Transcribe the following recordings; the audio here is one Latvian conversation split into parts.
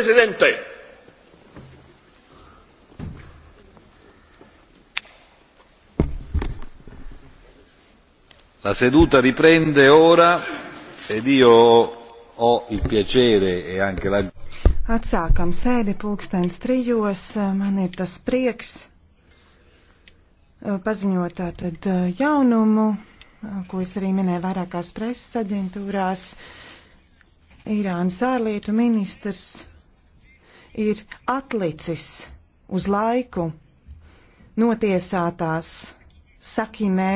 presidente. La seduta riprende ora ed io ho il piacere e anche la. Atsākam sēdi pulkstens trijos. Man ir tas prieks eh, paziņot tātad eh, jaunumu, eh, ko es arī minēju vairākās preses aģentūrās. Irānas ārlietu ministrs ir atlicis uz laiku notiesātās sakinē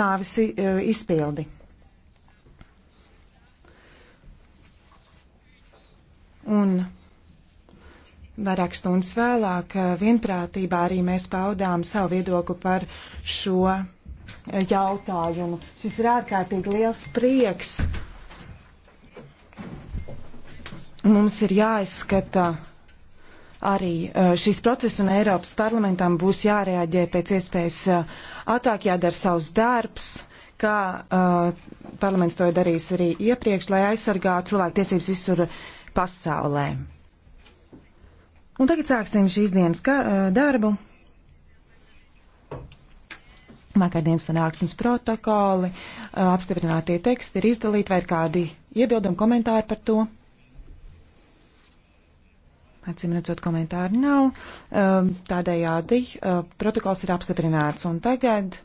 nāvis e, izpildi. Un vairāk stundas vēlāk e, vienprātībā arī mēs paudām savu viedokli par šo e, jautājumu. Šis ir ārkārtīgi liels prieks Mums ir jāizskata arī eh, šis process, un Eiropas parlamentam būs jārēģē pēc iespējas eh, ātrāk, jādara savs darbs, kā uh, parlaments to ir darījis arī iepriekš, lai aizsargātu cilvēku tiesības visur pasaulē. Un tagad sāksim šīs dienas kā, uh, darbu. Vakardienas sanāksmes protokoli, uh, apstiprinātie teksti ir izdalīti, vai ir kādi iebildumi komentāri par to? Acīm redzot, komentāru nav. Ehm, tādējādi eh, protokols ir apstiprināts. Un tagad,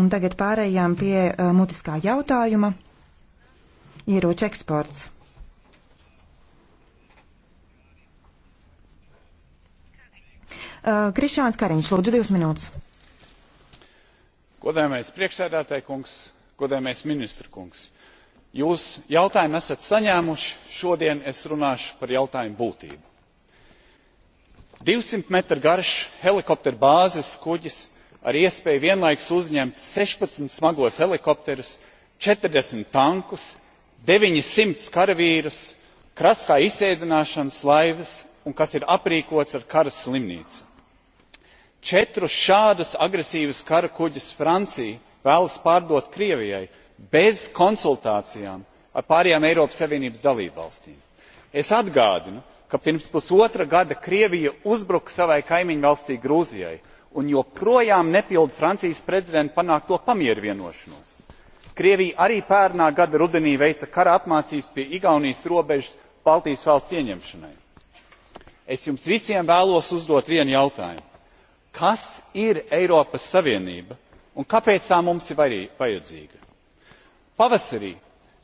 un tagad pārējām pie eh, mutiskā jautājuma. Ieroču eksports. Eh, Krišāns Kariņš, lūdzu, divas minūtes. Godājamais priekšsēdētāji kungs, godājamais ministra kungs jūs jautājumu esat saņēmuši šodien es runāšu par jautājumu būtību. 200 metru garš helikoptera bāzes kuģis ar iespēju vienlaikus uzņemt 16 smagos helikopterus, 40 tankus, 900 karavīrus, krastā izsēdināšanas laivas un kas ir aprīkots ar kara slimnīcu. Četrus šādus agresīvus kara kuģus Francija vēlas pārdot Krievijai bez konsultācijām ar pārējām eiropas savienības dalībvalstīm. es atgādinu ka pirms pusotra gada krievija uzbruka savai kaimiņvalstij grūzijai un joprojām nepilda francijas prezidenta panākto pamiervienošanos. krievija arī pērnā gada rudenī veica kara apmācības pie igaunijas robežas baltijas valstu ieņemšanai. es jums visiem vēlos uzdot vienu jautājumu kas ir eiropas savienība un kāpēc tā mums ir vajadzīga? pavasarī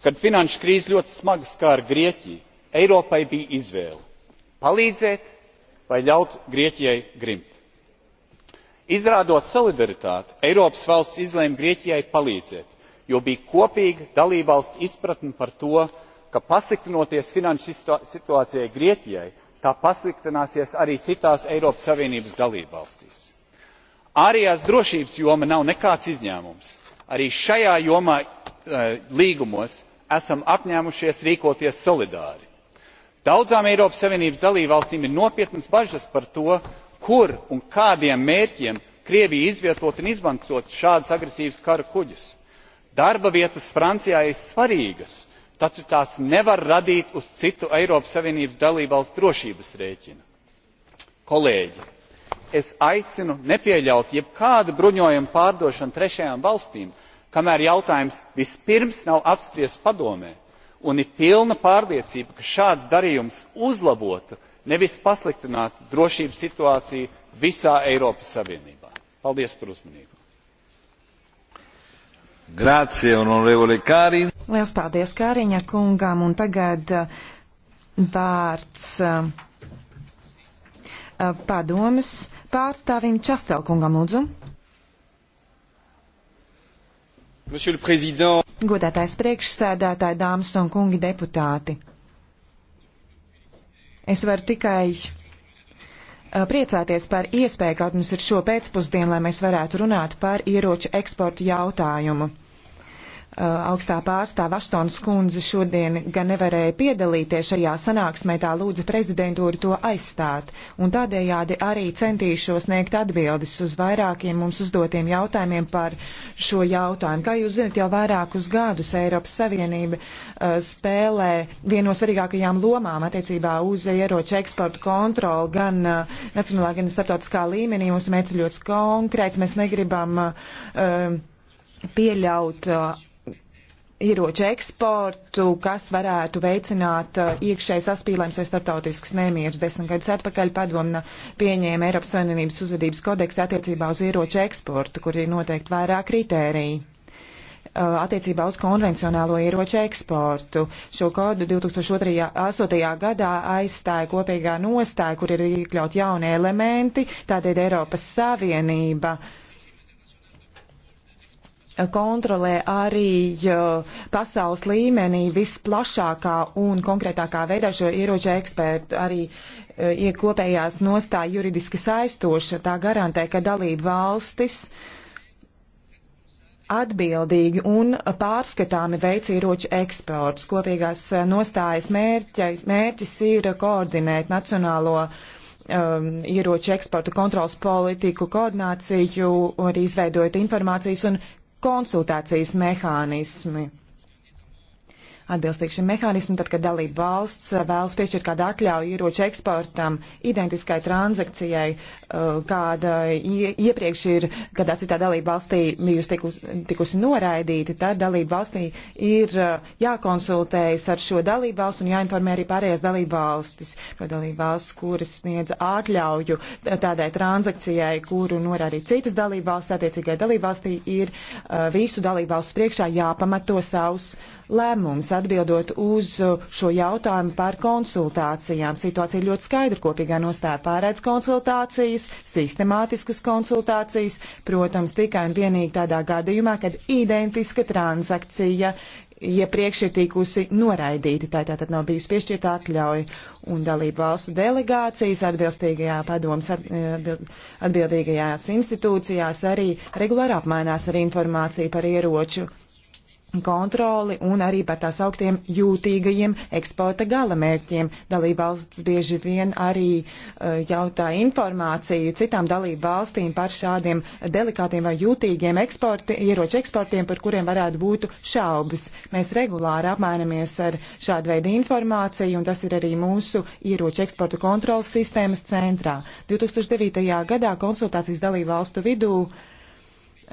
kad finanšu krīze ļoti smagi skāra grieķiju eiropai bija izvēle palīdzēt vai ļaut grieķijai grimt. izrādot solidaritāti eiropas valstis izlēma grieķijai palīdzēt jo bija kopīga dalībvalstu izpratne par to ka pasliktinoties finanšu situācijai grieķijai tā pasliktināsies arī citās eiropas savienības dalībvalstīs. ārējās drošības joma nav nekāds izņēmums. arī šajā jomā Eh, līgumos esam apņēmušies rīkoties solidāri. daudzām eiropas savienības dalībvalstīm ir nopietnas bažas par to kur un kādiem mērķiem krievija izvietot un izmanto šādus agresīvus kara kuģus. darba vietas francijā ir svarīgas taču tās nevar radīt uz citu eiropas savienības dalībvalstu drošības rēķina. kolēģi es aicinu nepieļaut jebkādu bruņojumu pārdošanu trešajām valstīm kamēr jautājums vispirms nav apspriests padomē un ir pilna pārliecība ka šāds darījums uzlabotu nevis pasliktinātu drošības situāciju visā eiropas savienībā. paldies par uzmanību! Grazie, Liels paldies Kāriņa kungām un tagad uh, vārds uh, uh, padomas pārstāvim Častelkungam lūdzu. Godātais priekšsēdētāji, dāmas un kungi deputāti. Es varu tikai priecāties par iespēju, kaut mums ir šo pēcpusdienu, lai mēs varētu runāt par ieroču eksportu jautājumu. Eh, augstā pārstāva Aštonas kundze šodien gan nevarēja piedalīties šajā sanāksmē, tā lūdza prezidentūru to aizstāt, un tādējādi arī centīšos sniegt atbildes uz vairākiem mums uzdotiem jautājumiem par šo jautājumu. Kā jūs zinat, jau vairākus gadus Eiropas Savienība uh, spēlē vieno svarīgākajām lomām attiecībā uz ieroču eksportu kontroli gan uh, nacionālā, gan starptautiskā līmenī. Mūsu mērķis ļoti konkrēts, mēs negribam uh, pieļaut uh, ieroču eksportu, kas varētu veicināt uh, iekšēji saspīlējums vai starptautisks nemieris. Desmit gadus atpakaļ padomna pieņēma Eiropas Savienības uzvedības kodeksu attiecībā uz ieroču eksportu, kur ir noteikti vairāk kritēriju uh, attiecībā uz konvencionālo ieroču eksportu. Šo kodu 2008. gadā aizstāja kopīgā nostāja, kur ir iekļaut jauni elementi, tātad Eiropas Savienība uh, kontrolē arī pasaules līmenī visplašākā un konkrētākā veidā šo ieroču ekspertu arī eh, iekopējās nostāja juridiski saistoša. Tā garantē, ka dalība valstis atbildīgi un pārskatāmi veic ieroču eksports. Kopīgās eh, nostājas mērķis, mērķis ir koordinēt nacionālo um, ieroču eksporta kontrols politiku, koordināciju, arī izveidojot informācijas un konsultācijas mehānismi. Atbilstīgi šim mehānismam, tad, kad dalība valsts eh, vēlas piešķirt kādu atļauju ieroču eksportam, identiskai transakcijai, Eh, kāda iepriekš ir kādā citā dalība valstī bijusi tikus, tikusi noraidīta, tad dalība valstī ir eh, jākonsultējas ar šo dalību valstu un jāinformē arī pārējās dalību valstis, jo dalību valsts, kuras sniedz atļauju tādai transakcijai, kuru norādīja citas dalību valsts, attiecīgai dalību valstī ir eh, visu dalību valstu priekšā jāpamato savus lēmums atbildot uz šo jautājumu par konsultācijām. Situācija ļoti skaidra, kopīgā nostāja pārēdz konsultācijas diskusijas, sistemātiskas konsultācijas, protams, tikai un vienīgi tādā gadījumā, kad identiska transakcija iepriekš ja ir tikusi noraidīta, tā tātad nav bijusi piešķirta atļauja, un dalību valstu delegācijas atbilstīgajā padomas eh, atbildīgajās institūcijās arī regulāri apmainās ar informāciju par ieroču kontroli un arī par tās augtiem jūtīgajiem eksporta galamērķiem. Dalībvalsts bieži vien arī uh, jautā informāciju citām dalībvalstīm par šādiem delikātiem vai jūtīgiem eksporti, ieroču eksportiem, par kuriem varētu būt šaubas. Mēs regulāri apmainamies ar šādu veidu informāciju, un tas ir arī mūsu ieroču eksporta kontrolas sistēmas centrā. 2009. gadā konsultācijas dalībvalstu vidū uh,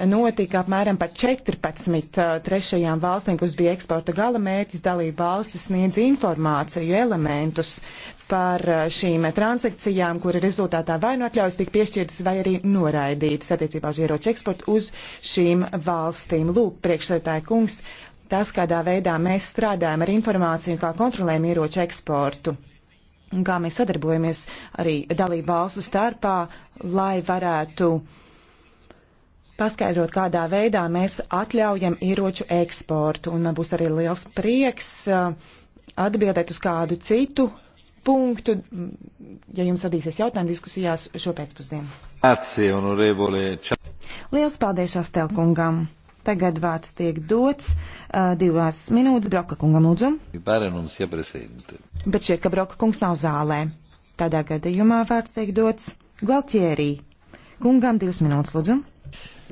notika apmēram par 14 uh, trešajām valstīm, kuras bija eksporta gala mērķis, dalība valstis sniedz informāciju elementus par uh, šīm transakcijām, kura rezultātā vai nu atļaujas tika piešķirtas, vai arī noraidītas attiecībā uz ieroču eksportu uz šīm valstīm. Lūk, priekšsētāja kungs, tas, kādā veidā mēs strādājam ar informāciju, kā kontrolējam ieroču eksportu. Un kā mēs sadarbojamies arī dalību valstu starpā, lai varētu uh, paskaidrot, kādā veidā mēs atļaujam ieroču eksportu. Un man būs arī liels prieks uh, atbildēt uz kādu citu punktu, mm, ja jums radīsies jautājumi diskusijās šo pēcpusdienu. Liels paldies Astelkungam. Tagad vārds tiek dots uh, divās minūtes Broka kungam lūdzu. Bet šķiet, ka Broka kungs nav zālē. Tādā gadījumā vārds tiek dots Gualtierī. Kungam divas minūtes lūdzu.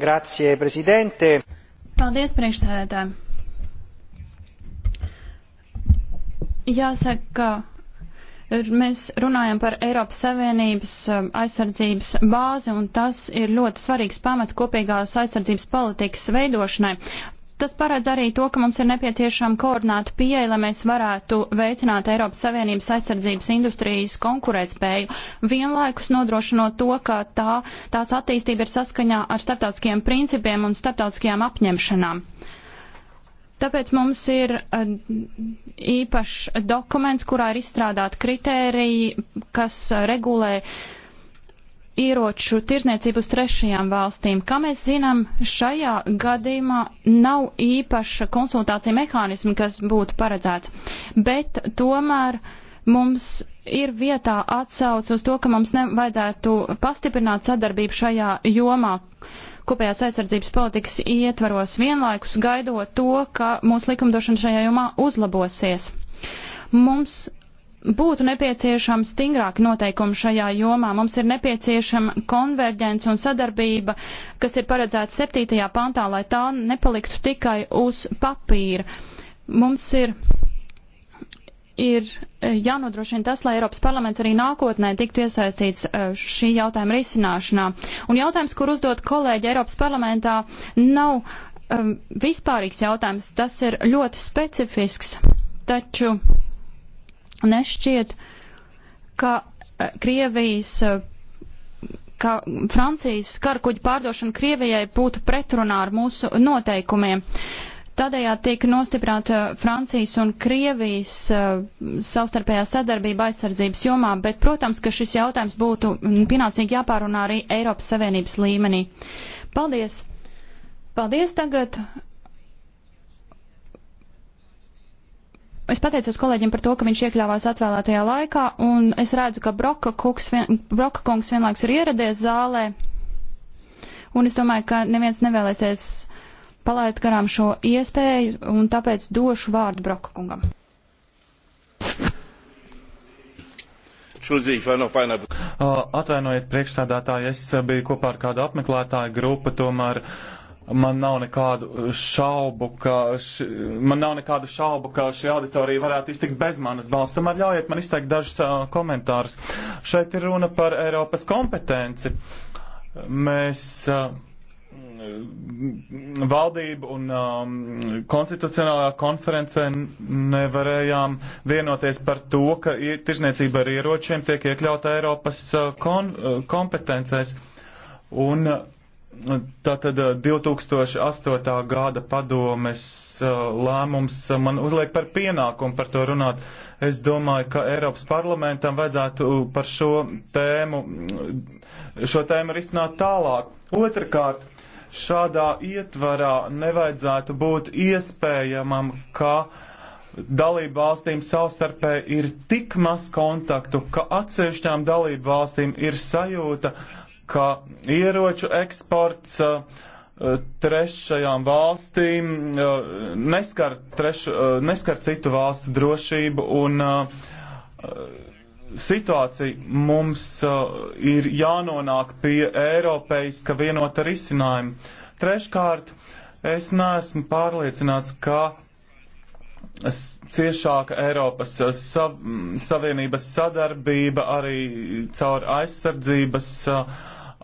Grazie, prezidente. Paldies, priekšsēdētāji. Jāsaka, ka mēs runājam par Eiropas Savienības um, aizsardzības bāzi, un tas ir ļoti svarīgs pamats kopīgās aizsardzības politikas veidošanai. Tas paredz arī to, ka mums ir nepieciešama koordināta pieeja, lai mēs varētu veicināt Eiropas Savienības aizsardzības industrijas konkurētspēju, vienlaikus nodrošinot to, ka tā, tās attīstība ir saskaņā ar starptautiskiem principiem un starptautiskajām apņemšanām. Tāpēc mums ir eh, īpašs dokuments, kurā ir izstrādāti kritēriji, kas eh, regulē uh, ieroču tirzniecību uz trešajām valstīm. Kā mēs zinām, šajā gadījumā nav īpaša konsultācija mehānisma, kas būtu paredzēts, bet tomēr mums ir vietā atsauce uz to, ka mums nevajadzētu pastiprināt sadarbību šajā jomā kopējās aizsardzības politikas ietvaros vienlaikus gaidot to, ka mūsu likumdošana šajā jomā uzlabosies. Mums būtu nepieciešama stingrāka noteikuma šajā jomā. Mums ir nepieciešama konverģence un sadarbība, kas ir paredzēta 7. pantā, lai tā nepaliktu tikai uz papīra. Mums ir, ir e, jānodrošina tas, lai Eiropas parlaments arī nākotnē tiktu iesaistīts e, šī jautājuma risināšanā. Un jautājums, kur uzdot kolēģi Eiropas parlamentā, nav um, vispārīgs jautājums, tas ir ļoti specifisks. Taču nešķiet, ka eh, Krievijas, eh, ka Francijas karakuģa pārdošana Krievijai būtu pretrunā ar mūsu noteikumiem. Tādējādi tiek nostiprināta Francijas un Krievijas uh, savstarpējā sadarbība aizsardzības jomā, bet, protams, ka šis jautājums būtu pienācīgi jāpārunā arī Eiropas Savienības līmenī. Paldies! Paldies tagad Es pateicos kolēģim par to, ka viņš iekļāvās atvēlētajā laikā, un es redzu, ka Broka, kuks, vien, Broka kungs vienlaiks ir ieradies zālē, un es domāju, ka neviens nevēlēsies palaid garām šo iespēju, un tāpēc došu vārdu Broka kungam. Atvainojiet, priekšstādātāji, es biju kopā ar kādu apmeklētāju grupu, tomēr uh, Man nav nekādu šaubu, ka, š, man nav nekādu šaubu, ka šī auditorija varētu iztikt bez manas balss. Tomēr ļaujiet man izteikt dažus uh, komentārus. Šeit ir runa par Eiropas kompetenci. Mēs uh, valdību un um, konstitucionālā konferencē nevarējām vienoties par to, ka tirzniecība ar ieročiem tiek iekļauta Eiropas uh, kon, uh, kompetencēs. Un, uh, Tātad 2008. Eh, gada padomes eh, lēmums eh, man uzliek par pienākumu par to runāt. Es domāju, ka Eiropas parlamentam vajadzētu par šo tēmu, mm, šo tēmu risināt tālāk. Otrakārt, šādā ietvarā nevajadzētu būt iespējamam, ka dalību valstīm savstarpēji ir tik maz kontaktu, ka atsevišķām dalību valstīm ir sajūta, uh, ka ieroču eksports uh, trešajām valstīm uh, neskar, trešu, uh, neskar citu valstu drošību un situācija mums ir jānonāk pie Eiropeiska vienota risinājuma. Treškārt, es neesmu pārliecināts, ka ciešāka Eiropas eh, sav, Savienības sadarbība arī caur aizsardzības eh,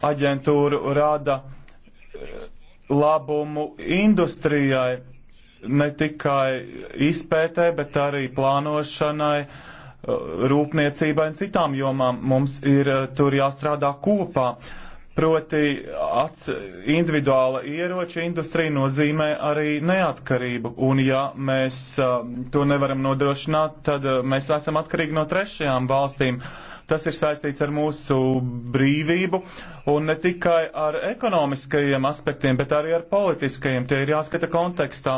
aģentūru rada eh, labumu industrijai, ne tikai izpētē, bet arī plānošanai, rūpniecībai un citām jomām. Mums ir tur jāstrādā kopā. Uh, Proti, ats, individuāla ieroča industrija nozīmē arī neatkarību, un ja mēs uh, to nevaram nodrošināt, tad uh, mēs esam atkarīgi no trešajām valstīm. Tas ir saistīts ar mūsu brīvību, un ne tikai ar ekonomiskajiem aspektiem, bet arī ar politiskajiem. Tie ir jāskata kontekstā.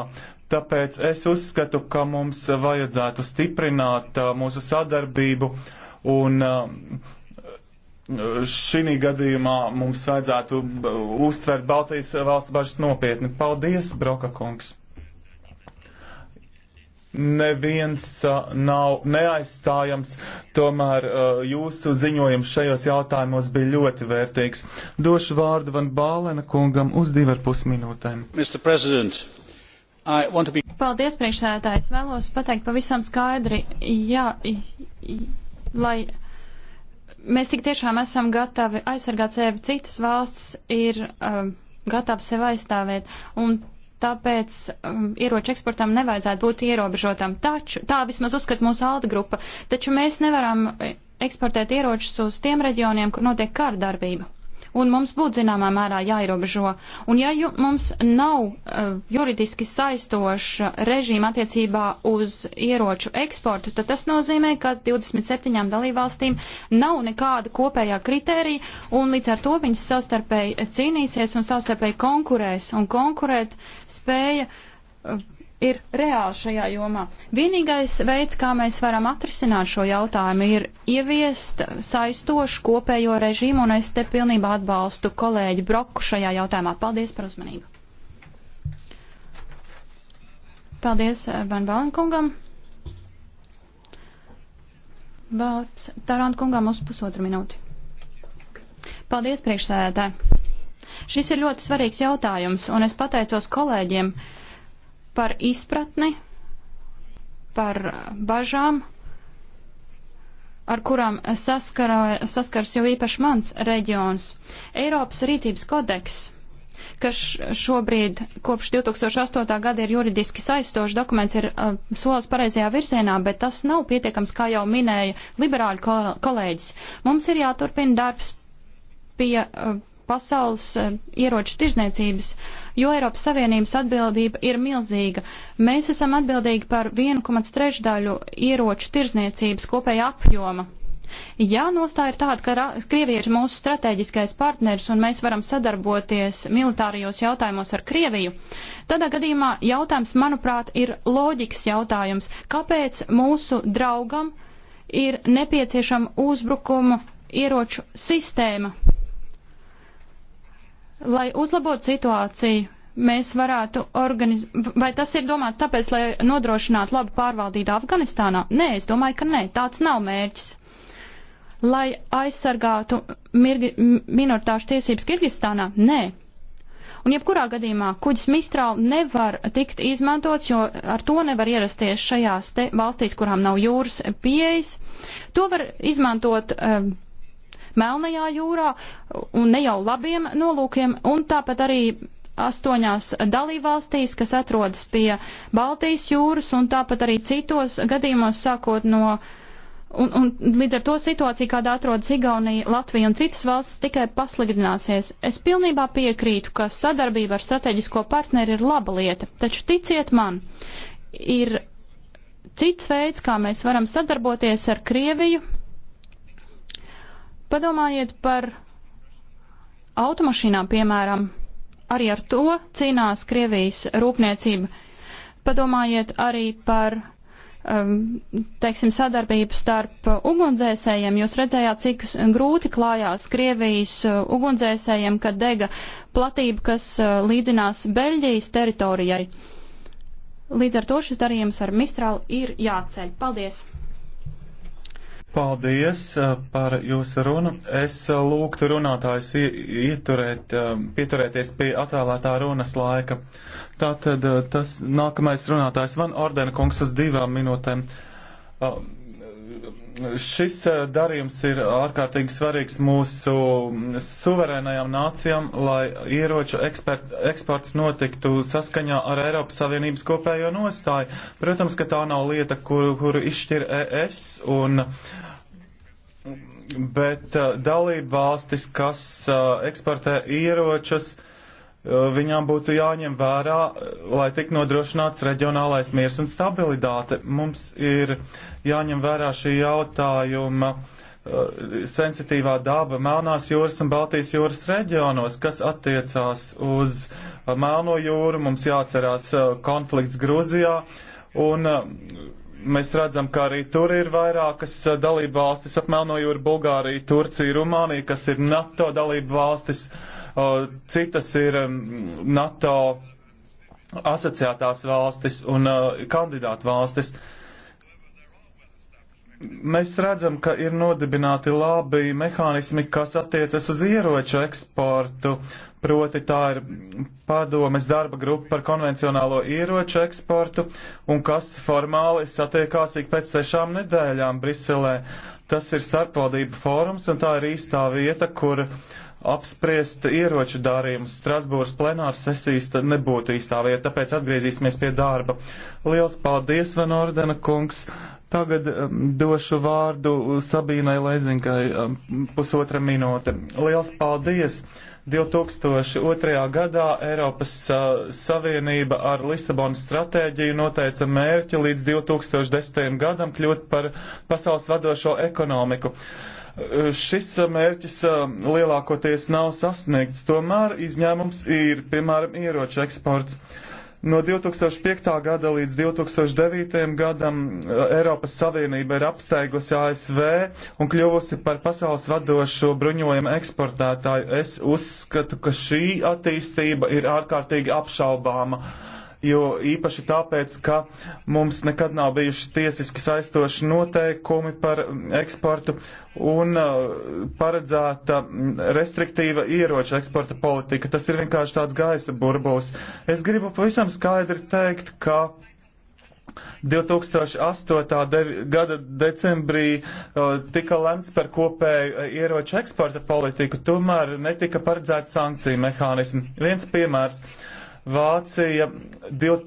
Tāpēc es uzskatu, ka mums vajadzētu stiprināt uh, mūsu sadarbību un uh, šī gadījumā mums vajadzētu uh, uztvert Baltijas valstu bažas nopietni. Paldies, Broka kungs! Neviens uh, nav neaizstājams, tomēr uh, jūsu ziņojums šajos jautājumos bija ļoti vērtīgs. Došu vārdu Van Bālena kungam uz divu ar pus minūtēm. Be... Paldies, priekšsēdētājs. Vēlos pateikt pavisam skaidri, jā, lai mēs tik tiešām esam gatavi aizsargāt sevi, citas valsts ir um, gatavas sevi aizstāvēt, un tāpēc um, ieroču eksportam nevajadzētu būt ierobežotam. Taču, tā vismaz uzskata mūsu alda grupa, taču mēs nevaram eh, eksportēt ieročus uz tiem reģioniem, kur notiek kārdarbība un mums būtu zināmā mērā jāierobežo. Un ja ju, mums nav uh, juridiski saistoša režīma attiecībā uz ieroču eksportu, tad tas nozīmē, ka 27 dalībvalstīm nav nekāda kopējā kritērija, un līdz ar to viņas savstarpēji cīnīsies un savstarpēji konkurēs, un konkurēt spēja. Uh, ir reāli šajā jomā. Vienīgais veids, kā mēs varam atrisināt šo jautājumu, ir ieviest saistošu kopējo režīmu, un es te pilnībā atbalstu kolēģi Broku šajā jautājumā. Paldies par uzmanību. Paldies eh, Van Balenkungam. Vārds Tarant kungam uz pusotru minūti. Paldies priekšsēdētāji. Šis ir ļoti svarīgs jautājums, un es pateicos kolēģiem. Uh, par izpratni, par bažām, ar kurām saskara, saskars jau īpaši mans reģions. Eiropas rīcības kodeks, kas šobrīd kopš 2008. gada ir juridiski saistošs dokuments, ir uh, solis pareizajā virzienā, bet tas nav pietiekams, kā jau minēja liberāļu kol kolēģis. Mums ir jāturpina darbs pie uh, pasaules eh, ieroču tirzniecības, jo Eiropas Savienības atbildība ir milzīga. Mēs esam atbildīgi par 1,3 daļu ieroču tirzniecības kopēja apjoma. Ja nostāja ir tāda, ka Krievija ir mūsu strateģiskais partners un mēs varam sadarboties militārijos jautājumos ar Krieviju, tādā gadījumā jautājums, manuprāt, ir loģikas jautājums. Kāpēc mūsu draugam ir nepieciešama uzbrukumu ieroču sistēma? lai uzlabotu situāciju, mēs varētu organizēt, vai tas ir domāts tāpēc, lai nodrošinātu labu pārvaldību Afganistānā? Nē, es domāju, ka nē, tāds nav mērķis. Lai aizsargātu mirgi, minoritāšu tiesības Kirgistānā? Nē. Un jebkurā gadījumā kuģis mistrāli nevar tikt izmantots, jo ar to nevar ierasties šajās te valstīs, kurām nav jūras pieejas. To var izmantot. Uh, um, Melnajā jūrā un ne jau labiem nolūkiem, un tāpat arī astoņās dalībvalstīs, kas atrodas pie Baltijas jūras, un tāpat arī citos gadījumos sākot no. Un, un līdz ar to situācija, kādā atrodas Igaunija, Latvija un citas valstis, tikai pasliktināsies. Es pilnībā piekrītu, ka sadarbība ar strateģisko partneri ir laba lieta, taču ticiet man, ir cits veids, kā mēs varam sadarboties ar Krieviju, Padomājiet par automašīnām, piemēram, arī ar to cīnās Krievijas rūpniecība. Padomājiet arī par, um, teiksim, sadarbību starp ugunsdzēsējiem. Jūs redzējāt, cik grūti klājās Krievijas uh, ugunsdzēsējiem, kad dega platība, kas uh, līdzinās Beļģijas teritorijai. Līdz ar to šis darījums ar Mistrālu ir jāceļ. Paldies! Paldies uh, par jūsu runu. Es uh, lūgtu runātājus ieturēt, uh, pieturēties pie atvēlētā runas laika. Tātad tas nākamais runātājs Van Ordena kungs uz divām minūtēm šis eh, darījums ir ārkārtīgi svarīgs mūsu mm, suverēnajām nācijām, lai ieroču ekspert, eksports notiktu saskaņā ar Eiropas Savienības kopējo nostāju. Protams, ka tā nav lieta, kuru, kuru izšķir ES, un, bet eh, dalība valstis, kas eh, eksportē ieročus, uh, viņām būtu jāņem vērā, lai tik nodrošināts reģionālais miers un stabilitāte. Mums ir jāņem vērā šī jautājuma sensitīvā daba Melnās jūras un Baltijas jūras reģionos, kas attiecās uz Melno jūru, mums jāatcerās konflikts Gruzijā, un mēs redzam, ka arī tur ir vairākas dalība valstis ap Melno jūru, Bulgārija, Turcija, Rumānija, kas ir NATO dalība valstis. Uh, citas ir NATO asociētās valstis un kandidātu valstis. Mēs redzam, ka ir nodibināti labi mehānismi, kas attiecas uz ieroču eksportu, proti tā ir padomes darba grupa par konvencionālo ieroču eksportu, un kas formāli satiekās ik pēc sešām nedēļām Briselē. Tas ir starpvaldību fórums, un tā ir īstā vieta, kur uh, apspriest ieroču dārījumu Strasbūras plenāras sesijas nebūtu īstā vieta, tāpēc atgriezīsimies pie darba. Liels paldies, Van Ordena kungs! Tagad um, došu vārdu Sabīnai Leizinkai um, pusotra minūte. Liels paldies! 2002. gadā Eiropas uh, Savienība ar Lisabonas stratēģiju noteica mērķi līdz 2010. gadam kļūt par pasaules vadošo ekonomiku. Uh, Šis uh, mērķis uh, lielākoties nav sasniegts, tomēr izņēmums ir, piemēram, ieroču eksports. No 2005. gada līdz 2009. gadam uh, Eiropas Savienība ir apsteigusi ASV un kļuvusi par pasaules vadošo bruņojumu eksportētāju. Es uzskatu, ka šī attīstība ir ārkārtīgi apšaubāma. Uh, jo īpaši tāpēc, ka mums nekad nav bijuši tiesiski saistoši noteikumi par eksportu un uh, paredzēta restriktīva ieroča eksporta politika. Tas ir vienkārši tāds gaisa burbulis. Es gribu pavisam skaidri teikt, ka 2008. De gada decembrī uh, tika lemts par kopēju uh, ieroču eksporta politiku, tomēr netika paredzēta sankcija mehānismi. Viens piemērs. Uh, Vācija div,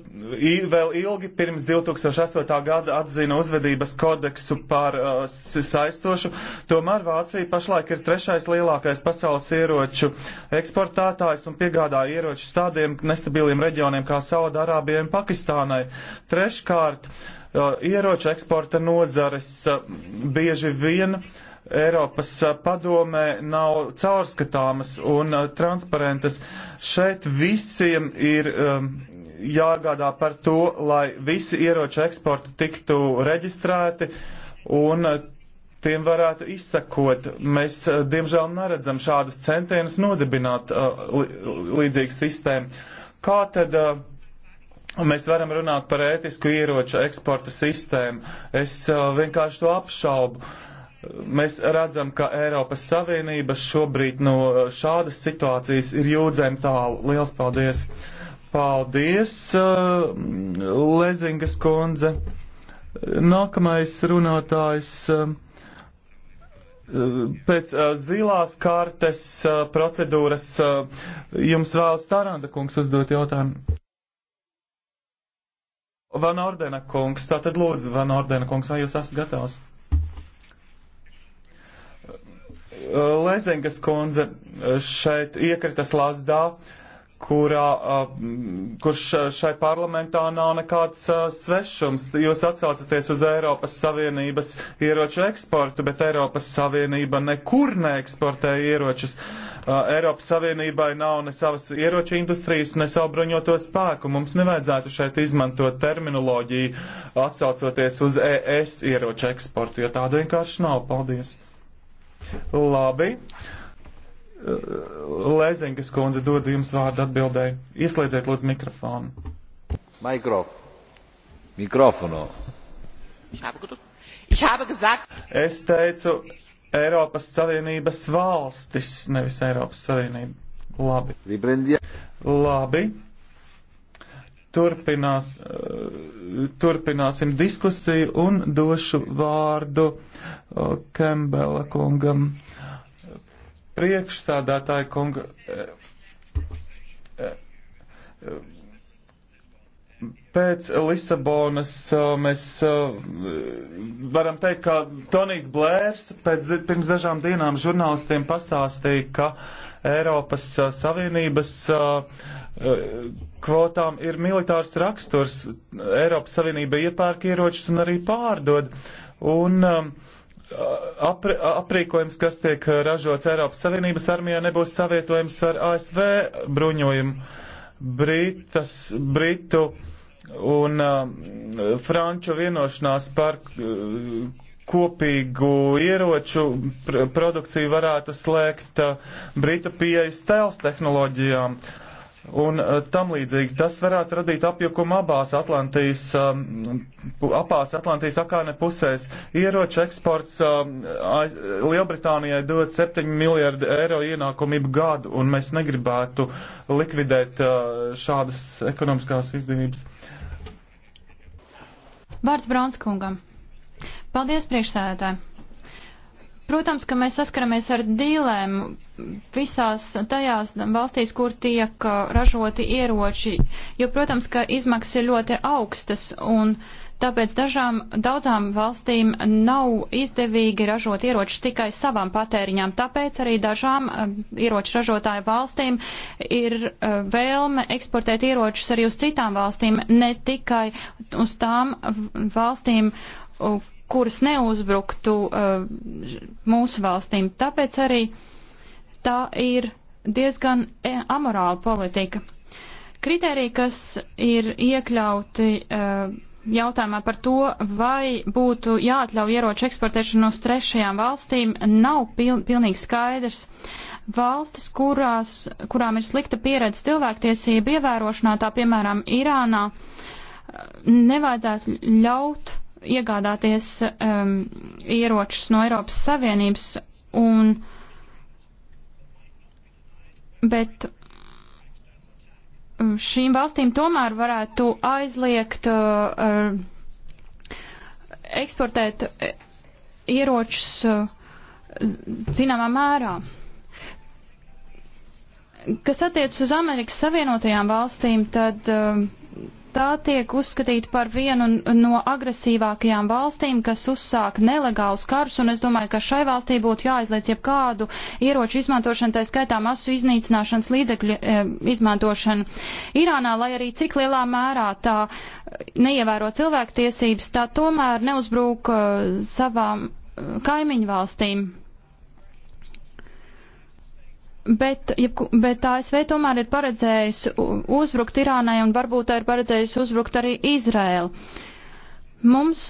i, vēl ilgi pirms 2008. gada atzina uzvedības kodeksu par uh, saistošu, tomēr Vācija pašlaik ir trešais lielākais pasaules ieroču eksportētājs un piegādā ieročus tādiem nestabiliem reģioniem kā Saudārābijai un Pakistānai. Treškārt, uh, ieroču eksporta nozares uh, bieži vien uh, Eiropas padomē nav caurskatāmas un transparentas. Šeit visiem ir um, jāgādā par to, lai visi ieroču eksporti tiktu reģistrēti un tiem varētu izsakot. Mēs, diemžēl, neredzam šādas centienus nodibināt uh, līdzīgu sistēmu. Kā tad uh, mēs varam runāt par ētisku ieroču eksporta sistēmu? Es uh, vienkārši to apšaubu. Uh, Mēs redzam, ka Eiropas Savienība šobrīd no šādas situācijas ir jūdzēm tālu. Liels paldies! Paldies, uh, Lezingas kundze! Nākamais runātājs. Uh, Pēc uh, zilās kartes uh, procedūras uh, jums vēlas Taranda kungs uzdot jautājumu. Van Ordena kungs, tātad lūdzu, Van Ordena kungs, vai jūs esat gatavs? Lezingas kundze eh, šeit iekritas lazdā, kurā, eh, kurš eh, šai parlamentā nav nekāds svešums. Jūs atsaucaties uz Eiropas Savienības ieroču eksportu, bet Eiropas Savienība nekur neeksportē ieročus. Eiropas Savienībai nav ne savas ieroču industrijas, ne savu bruņoto spēku. Mums nevajadzētu šeit izmantot terminoloģiju atsaucoties uz ES ieroču eksportu, jo tāda vienkārši nav. Paldies! Labi. Lēzingas kundze dod jums vārdu atbildēji. Ieslēdziet lūdzu mikrofonu. Mikrof. Mikrofonu. Es teicu Eiropas Savienības valstis, nevis Eiropas Savienība. Labi. Labi turpinās, eh, turpināsim diskusiju un došu vārdu eh, Kembela kungam. Priekšsādātāja kunga. Eh, pēc Lisabonas mēs varam teikt, ka Tonijs Blērs pēc, pirms dažām dienām žurnālistiem pastāstīja, ka Eiropas Savienības uh, kvotām ir militārs raksturs. Eiropas Savienība iepērk ieročus un arī pārdod. Un, um, apri, aprīkojums, kas tiek ražots Eiropas Savienības armijā, nebūs savietojams ar ASV bruņojumu. Britas, Britu un uh, Franču vienošanās par uh, kopīgu ieroču pr produkciju varētu slēgt uh, Britu pieejas tēls tehnoloģijām. Uh, Un eh, tam līdzīgi tas varētu radīt apjukumu abās Atlantijas, um, abās Atlantijas akāne pusēs. Ieroču eksports um, Lielbritānijai dod 7 miljardu eiro ienākumību gadu, un mēs negribētu likvidēt uh, šādas ekonomiskās izdevības. Vārds Bronskungam. Paldies priekšsēdētāji! Protams, ka mēs saskaramies ar dīlēm visās tajās valstīs, kur tiek uh, ražoti ieroči, jo, protams, ka izmaksas ir ļoti augstas un tāpēc dažām, daudzām valstīm nav izdevīgi ražot ieročus tikai savām patēriņām. Tāpēc arī dažām uh, ieroču ražotāju valstīm ir uh, vēlme eksportēt ieročus arī uz citām valstīm, ne tikai uz tām valstīm, kuras neuzbruktu uh, mūsu valstīm. Tāpēc arī tā ir diezgan eh, amorāla politika. Kriteriji, kas ir iekļauti uh, jautājumā par to, vai būtu jāatļauj ieroču eksportēšanu uz trešajām valstīm, nav piln, pilnīgi skaidrs. Valstis, kurās, kurām ir slikta pieredze cilvēktiesību ievērošanā, tā piemēram Irānā, nevajadzētu ļaut iegādāties um, ieročus no Eiropas Savienības, un, bet um, šīm valstīm tomēr varētu aizliegt uh, eksportēt uh, ieročus uh, zināmā mērā. Kas attiec uz Amerikas Savienotajām valstīm, tad uh, tā tiek uzskatīta par vienu no agresīvākajām valstīm, kas uzsāk nelegālus karus, un es domāju, ka šai valstī būtu jāizliec jebkādu ieroču izmantošanu, tā skaitā masu iznīcināšanas līdzekļu e, izmantošanu. Irānā, lai arī cik lielā mērā tā neievēro cilvēktiesības, tā tomēr neuzbrūk e, savām eh, kaimiņu valstīm. Bet, ja, bet ASV tomēr ir paredzējusi uzbrukt Irānai un varbūt tā ir paredzējusi uzbrukt arī Izraēlu. Mums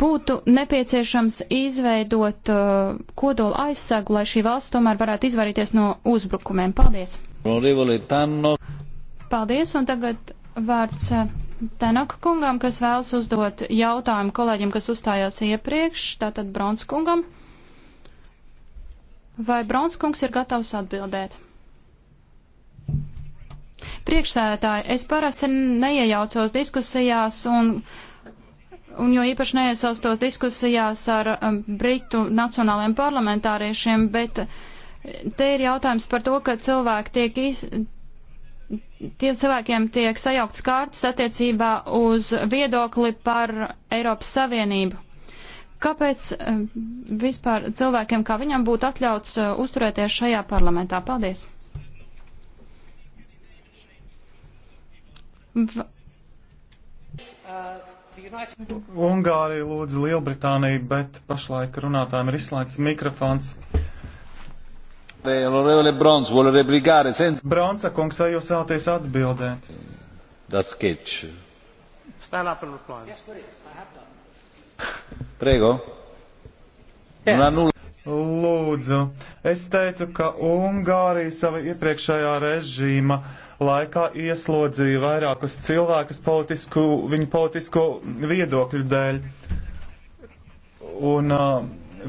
būtu nepieciešams izveidot uh, kodola aizsegu, lai šī valsts tomēr varētu izvairīties no uzbrukumiem. Paldies! Paldies, un tagad vārds uh, Tenoka kungam, kas vēlas uzdot jautājumu kolēģim, kas uzstājās iepriekš, tātad Brons kungam. Vai Bronskungs ir gatavs atbildēt? Priekšsēdētāji, es parasti neiejaucos diskusijās un, un jo īpaši neiesaustos diskusijās ar um, Britu nacionāliem parlamentāriešiem, bet te ir jautājums par to, ka cilvēki tiek iz, tiem cilvēkiem tiek sajauktas kārtas attiecībā uz viedokli par Eiropas Savienību. Kāpēc vispār cilvēkiem kā viņam būtu atļauts eh, uzturēties šajā parlamentā? Paldies! V Ungārija lūdzu Lielbritāniju, bet pašlaik runātājiem ir izslēgts mikrofons. Eh, Bronsa kungs, vai jūs vēlaties atbildēt? Das sketch. Stand up and reply. Yes, please. I have done. Priego. Lūdzu, es teicu, ka Ungārija sava iepriekšējā režīma laikā ieslodzīja vairākus cilvēkus politisku, viņu politisko viedokļu dēļ. Un uh,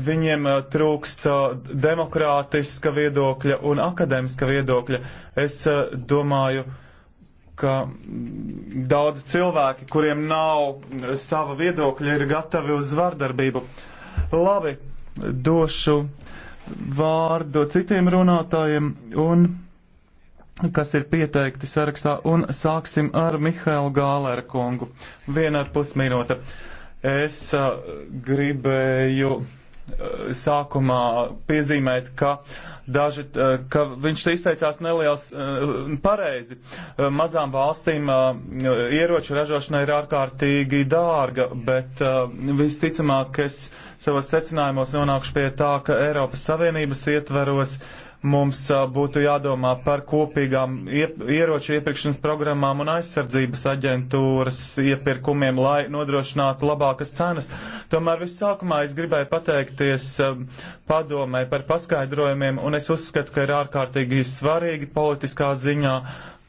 viņiem uh, trūkst uh, demokrātiska viedokļa un akadēmiska viedokļa. Es uh, domāju, uh, ka daudzi cilvēki, kuriem nav sava viedokļa, ir gatavi uz vardarbību. Labi, došu vārdu citiem runātājiem, un, kas ir pieteikti sarakstā, un sāksim ar Mihailu Gālēru kungu. Viena ar pusminūte. Es uh, gribēju sākumā piezīmēt, ka, daži, eh, ka viņš izteicās neliels eh, pareizi. Eh, mazām valstīm ieroču ražošana ir ārkārtīgi dārga, bet visticamāk es savos secinājumos nonākšu pie tā, ka Eiropas Savienības ietveros uh, Mums būtu jādomā par kopīgām ieroču iepirkšanas programmām un aizsardzības aģentūras iepirkumiem, lai nodrošinātu labākas cenas. Tomēr vissākumā es gribēju pateikties padomē par paskaidrojumiem, un es uzskatu, ka ir ārkārtīgi svarīgi politiskā ziņā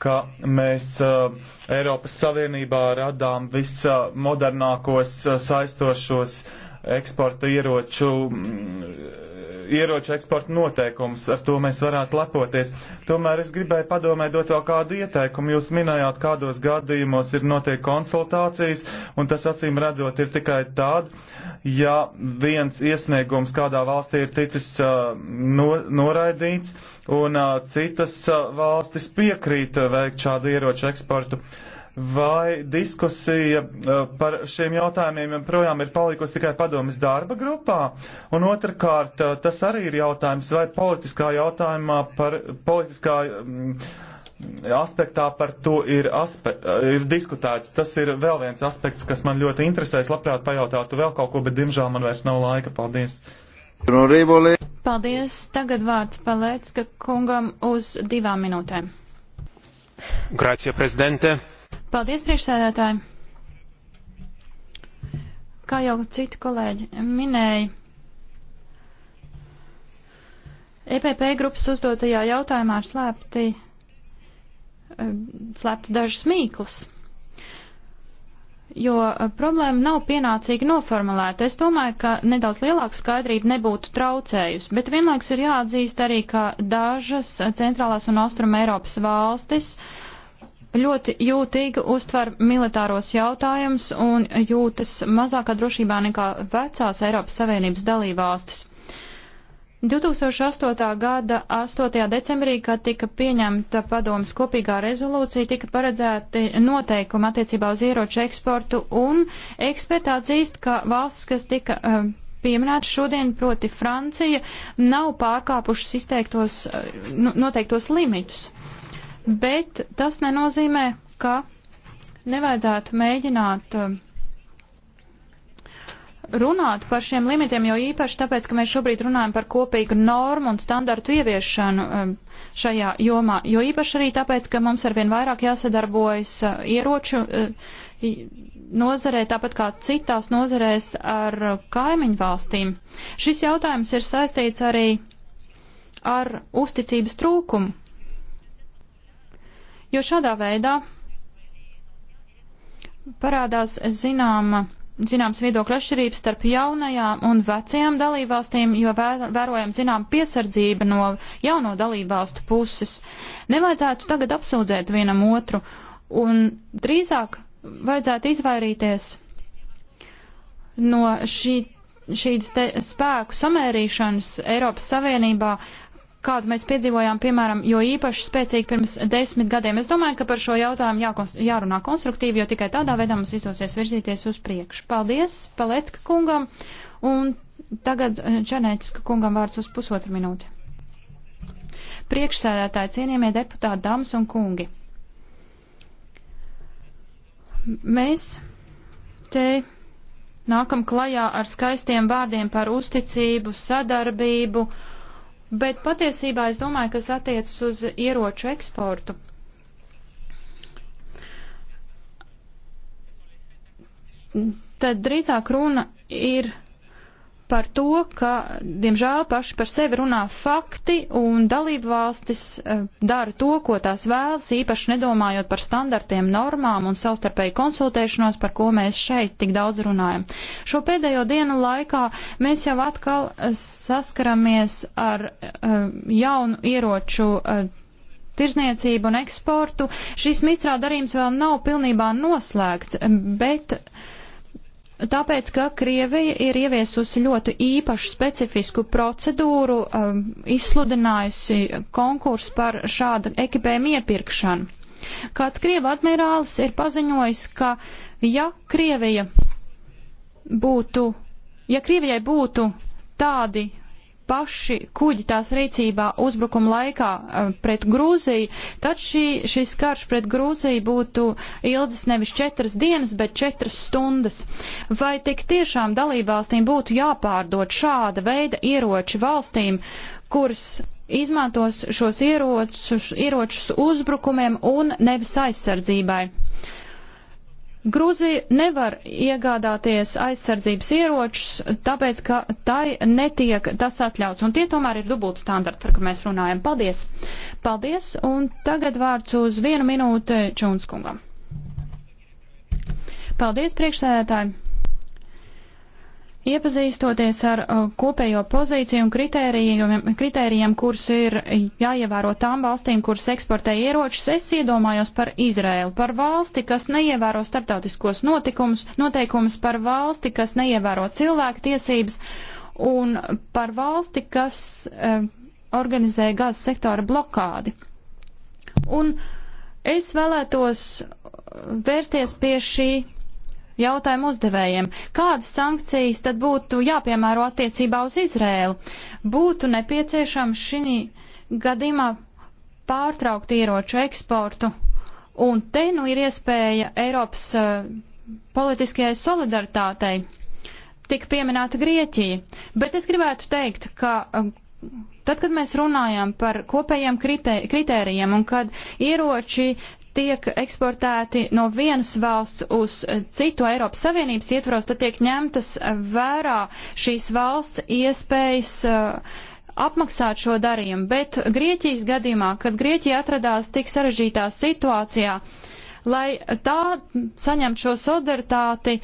ka mēs uh, Eiropas Savienībā radām vismodernākos uh, saistošos eksporta ieroču mm, ieroču eksporta noteikumus. Ar to mēs varētu lepoties. Tomēr es gribēju padomē dot vēl kādu ieteikumu. Jūs minējāt, kādos gadījumos ir notiek konsultācijas, un tas acīm redzot ir tikai tāda, ja viens iesniegums kādā valstī ir ticis uh, no, noraidīts, un uh, citas uh, valstis piekrīt uh, veikt šādu ieroču eksportu. Uh, vai diskusija uh, par šiem jautājumiem joprojām ir palikusi tikai padomjas darba grupā? Un otrkārt, uh, tas arī ir jautājums, vai politiskā jautājumā par politiskā mm, aspektā par to ir, aspe, uh, ir diskutēts. Tas ir vēl viens aspekts, kas man ļoti interesē. Es labprāt pajautātu vēl kaut ko, bet diemžēl man vairs nav laika. Paldies! Paldies! Tagad vārds palēc, ka kungam uz divām minūtēm. Grācija prezidente! Paldies, priekšsēdētāji! kā jau citi kolēģi minēja, EPP grupas uzdotajā jautājumā ir slēpti, eh, slēpts dažas mīklas, jo eh, problēma nav pienācīgi noformulēta. Es domāju, ka nedaudz lielāka skaidrība nebūtu traucējusi, bet vienlaikus ir jāatzīst arī, ka dažas eh, centrālās un austruma Eiropas valstis uh, ļoti jūtīgi uztver militāros jautājumus un jūtas mazākā drošībā nekā vecās Eiropas Savienības dalībvalstis. 2008. gada 8. decembrī, kad tika pieņemta padomas kopīgā rezolūcija, tika paredzēti noteikumi attiecībā uz ieroču eksportu, un eksperti atzīst, ka valsts, kas tika uh, eh, pieminēts šodien, proti Francija, nav pārkāpušas izteiktos eh, nu, noteiktos limitus bet tas nenozīmē, ka nevajadzētu mēģināt um, runāt par šiem limitiem, jo īpaši tāpēc, ka mēs šobrīd runājam par kopīgu normu un standartu ieviešanu um, šajā jomā, jo īpaši arī tāpēc, ka mums arvien vairāk jāsadarbojas uh, ieroču uh, nozarē, tāpat kā citās nozarēs ar kaimiņu valstīm. Šis jautājums ir saistīts arī ar uzticības trūkumu jo šādā veidā parādās zināma zināms viedokļa atšķirības starp jaunajām un vecajām dalībvalstīm, jo vērojam zinām piesardzība no jauno dalībvalstu puses. Nevajadzētu tagad apsūdzēt vienam otru un drīzāk vajadzētu izvairīties no šī, šīs spēku samērīšanas Eiropas Savienībā, kādu mēs piedzīvojām, piemēram, jo īpaši spēcīgi pirms desmit gadiem. Es domāju, ka par šo jautājumu jākonst jārunā konstruktīvi, jo tikai tādā veidā mums izdosies virzīties uz priekšu. Paldies Palecka kungam, un tagad eh, Čanēķiska kungam vārds uz pusotru minūti. Priekšsēdētāji, cienījamie deputāti, dāmas un kungi. Mēs te nākam klajā ar skaistiem vārdiem par uzticību, sadarbību, uh, bet patiesībā es domāju, kas attiecas uz ieroču eksportu. Tad drīzāk runa ir par to, ka, diemžēl, paši par sevi runā fakti un dalību valstis eh, dara to, ko tās vēlas, īpaši nedomājot par standartiem, normām un savstarpēju konsultēšanos, par ko mēs šeit tik daudz runājam. Šo pēdējo dienu laikā mēs jau atkal eh, saskaramies ar eh, jaunu ieroču tirzniecību un eksportu. Šis mistrā darījums vēl nav pilnībā noslēgts, bet Tāpēc, ka Krievija ir ieviesusi ļoti īpašu specifisku procedūru, um, izsludinājusi konkursu par šādu ekipējumu iepirkšanu. Kāds Krieva admirālis ir paziņojis, ka ja Krievija būtu, ja Krievijai būtu tādi paši kuģi tās rīcībā uzbrukuma laikā eh, pret Grūziju, tad šī, šis karš pret Grūziju būtu ilgs nevis četras dienas, bet četras stundas. Vai tik tiešām dalībvalstīm būtu jāpārdod šāda veida ieroči valstīm, kuras izmantos šos ieročus, ieročus uzbrukumiem un nevis aizsardzībai? Grūzija nevar iegādāties aizsardzības ieročus, tāpēc, ka tai netiek tas atļauts. Un tie tomēr ir dubulti standarti, par ko mēs runājam. Paldies! Paldies! Un tagad vārds uz vienu minūti Čūnskungam. Paldies, priekšsēdētāji! Iepazīstoties ar uh, kopējo pozīciju un kritērijiem, kritērijiem kurus ir jāievēro tām valstīm, kuras eksportē ieročus, es iedomājos par Izraēlu, par valsti, kas neievēro starptautiskos notikumus, noteikumus, par valsti, kas neievēro cilvēku tiesības un par valsti, kas eh, organizē gāzes sektora blokādi. Un es vēlētos uh, vērsties pie šī jautājumu uzdevējiem. Kādas sankcijas tad būtu jāpiemēro attiecībā uz Izrēlu? Būtu nepieciešams šī gadījumā pārtraukt ieroču eksportu, un te nu ir iespēja Eiropas uh, politiskajai solidaritātei. Tik pieminēta Grieķija, bet es gribētu teikt, ka uh, Tad, kad mēs runājam par kopējiem kritērijiem un kad ieroči tiek eksportēti no vienas valsts uz citu Eiropas Savienības ietvaros, tad tiek ņemtas vērā šīs valsts iespējas uh, apmaksāt šo darījumu, bet Grieķijas gadījumā, kad Grieķija atradās tik sarežģītā situācijā, lai tā saņemtu šo solidaritāti,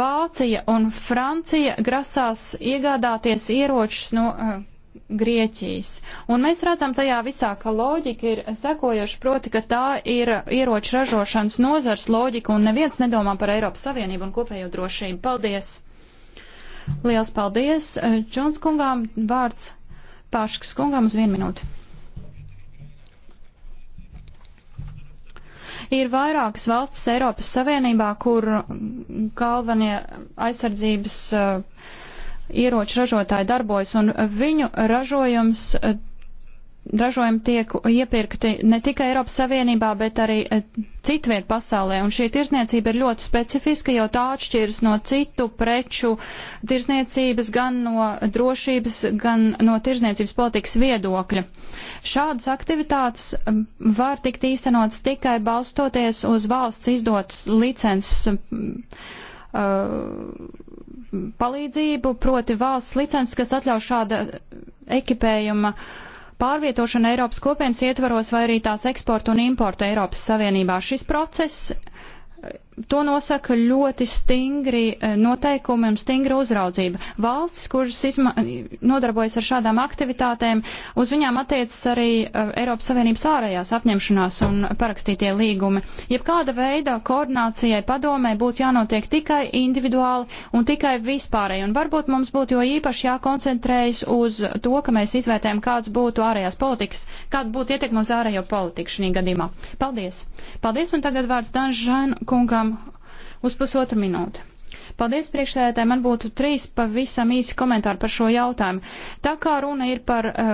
Vācija un Francija grasās iegādāties ieročus no uh, Grieķijas. Un mēs redzam tajā visā, ka loģika ir sekojoša, proti, ka tā ir ieroču ražošanas nozars loģika un neviens nedomā par Eiropas Savienību un kopējo drošību. Paldies! Liels paldies! Eh, Džons kungām vārds Pārškas kungām uz vienu minūti. ir vairākas valstis Eiropas Savienībā, kur galvenie aizsardzības uh, ieroču ražotāji darbojas, un viņu ražojums, eh, ražojumi tiek iepirkti ne tikai Eiropas Savienībā, bet arī eh, citviet pasaulē. Un šī tirzniecība ir ļoti specifiska, jo tā atšķiras no citu preču tirzniecības, gan no drošības, gan no tirzniecības politikas viedokļa. Šādas aktivitātes var tikt īstenotas tikai balstoties uz valsts izdotas licences. Uh, palīdzību, proti valsts licences, kas atļauj šāda ekipējuma pārvietošanu Eiropas kopienas ietvaros vai arī tās eksportu un importu Eiropas Savienībā. Šis process to nosaka ļoti stingri eh, noteikumi un stingra uzraudzība. Valstis, kuras izma, nodarbojas ar šādām aktivitātēm, uz viņām attiecas arī eh, Eiropas Savienības ārējās apņemšanās un parakstītie līgumi. Jebkāda veida koordinācijai padomē būtu jānotiek tikai individuāli un tikai vispārēji, un varbūt mums būtu jo īpaši jākoncentrējas uz to, ka mēs izvērtējam, kāds būtu ārējās politikas, kāda būtu ietekme uz ārējo politiku šī gadījumā. Paldies! Paldies, un tagad vārds Danžēna kungam kungam uz pusotru minūti. Paldies priekšsēdētāji, man būtu trīs pavisam īsi komentāri par šo jautājumu. Tā kā runa ir par uh,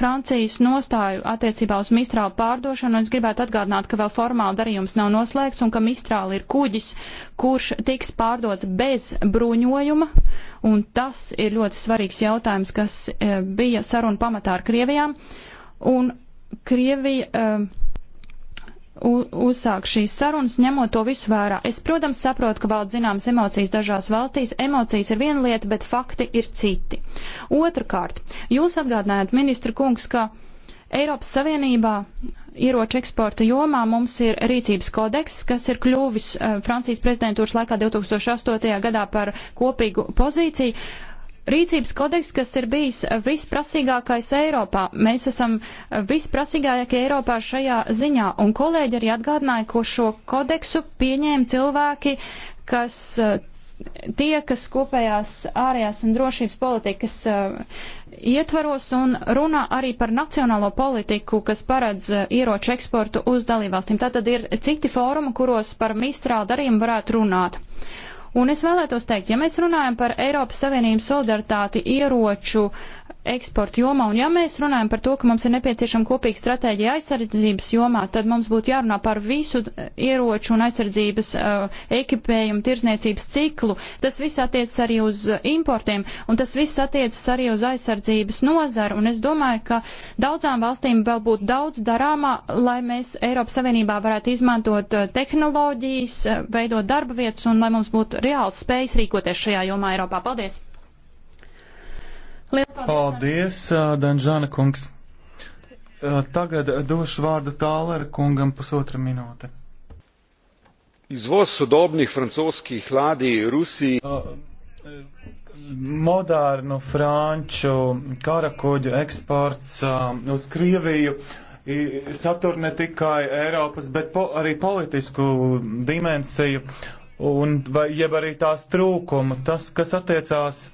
Francijas nostāju attiecībā uz mistrālu pārdošanu, es gribētu atgādināt, ka vēl formāli darījums nav noslēgts un ka mistrāli ir kuģis, kurš tiks pārdots bez bruņojuma. Un tas ir ļoti svarīgs jautājums, kas uh, bija saruna pamatā ar Krievijām. Un Krievija. Uh, uzsākt šīs sarunas, ņemot to visu vērā. Es, protams, saprotu, ka valda zināmas emocijas dažās valstīs. Emocijas ir viena lieta, bet fakti ir citi. Otrakārt, jūs atgādinājāt, ministra kungs, ka Eiropas Savienībā ieroču eksporta jomā mums ir rīcības kodeks, kas ir kļuvis eh, Francijas prezidentūras laikā 2008. gadā par kopīgu pozīciju rīcības kodeks, kas ir bijis visprasīgākais Eiropā. Mēs esam visprasīgākie Eiropā šajā ziņā, un kolēģi arī atgādināja, ko šo kodeksu pieņēma cilvēki, kas tie, kas kopējās ārējās un drošības politikas eh, ietvaros un runā arī par nacionālo politiku, kas paredz eh, ieroču eksportu uz dalībvalstīm. Tātad ir citi fórumi, kuros par mistrālu darījumu varētu runāt. Un es vēlētos teikt, ja mēs runājam par Eiropas Savienības solidaritāti ieroču uh, eksporta jomā, un ja mēs runājam par to, ka mums ir nepieciešama kopīga stratēģija aizsardzības jomā, tad mums būtu jārunā par visu ieroču un aizsardzības uh, ekipējumu tirzniecības ciklu. Tas viss attiecas arī uz importiem, un tas viss attiecas arī uz aizsardzības nozaru, un es domāju, ka daudzām valstīm vēl būtu daudz darāmā, lai mēs Eiropas Savienībā varētu izmantot uh, tehnoloģijas, uh, veidot darba vietas, un lai mums būtu reāls spējas rīkoties šajā jomā Eiropā. Paldies! Liels paldies, Danžāna kungs. Tagad došu vārdu Tālera kungam pusotra minūte. Izvoz sodobnih francoskih ladij Rusiji. Modernu franču karakuģu eksports uz Krieviju satur ne tikai Eiropas, bet po, arī politisku dimensiju, un, vai, jeb arī tās trūkumu. Tas, kas attiecās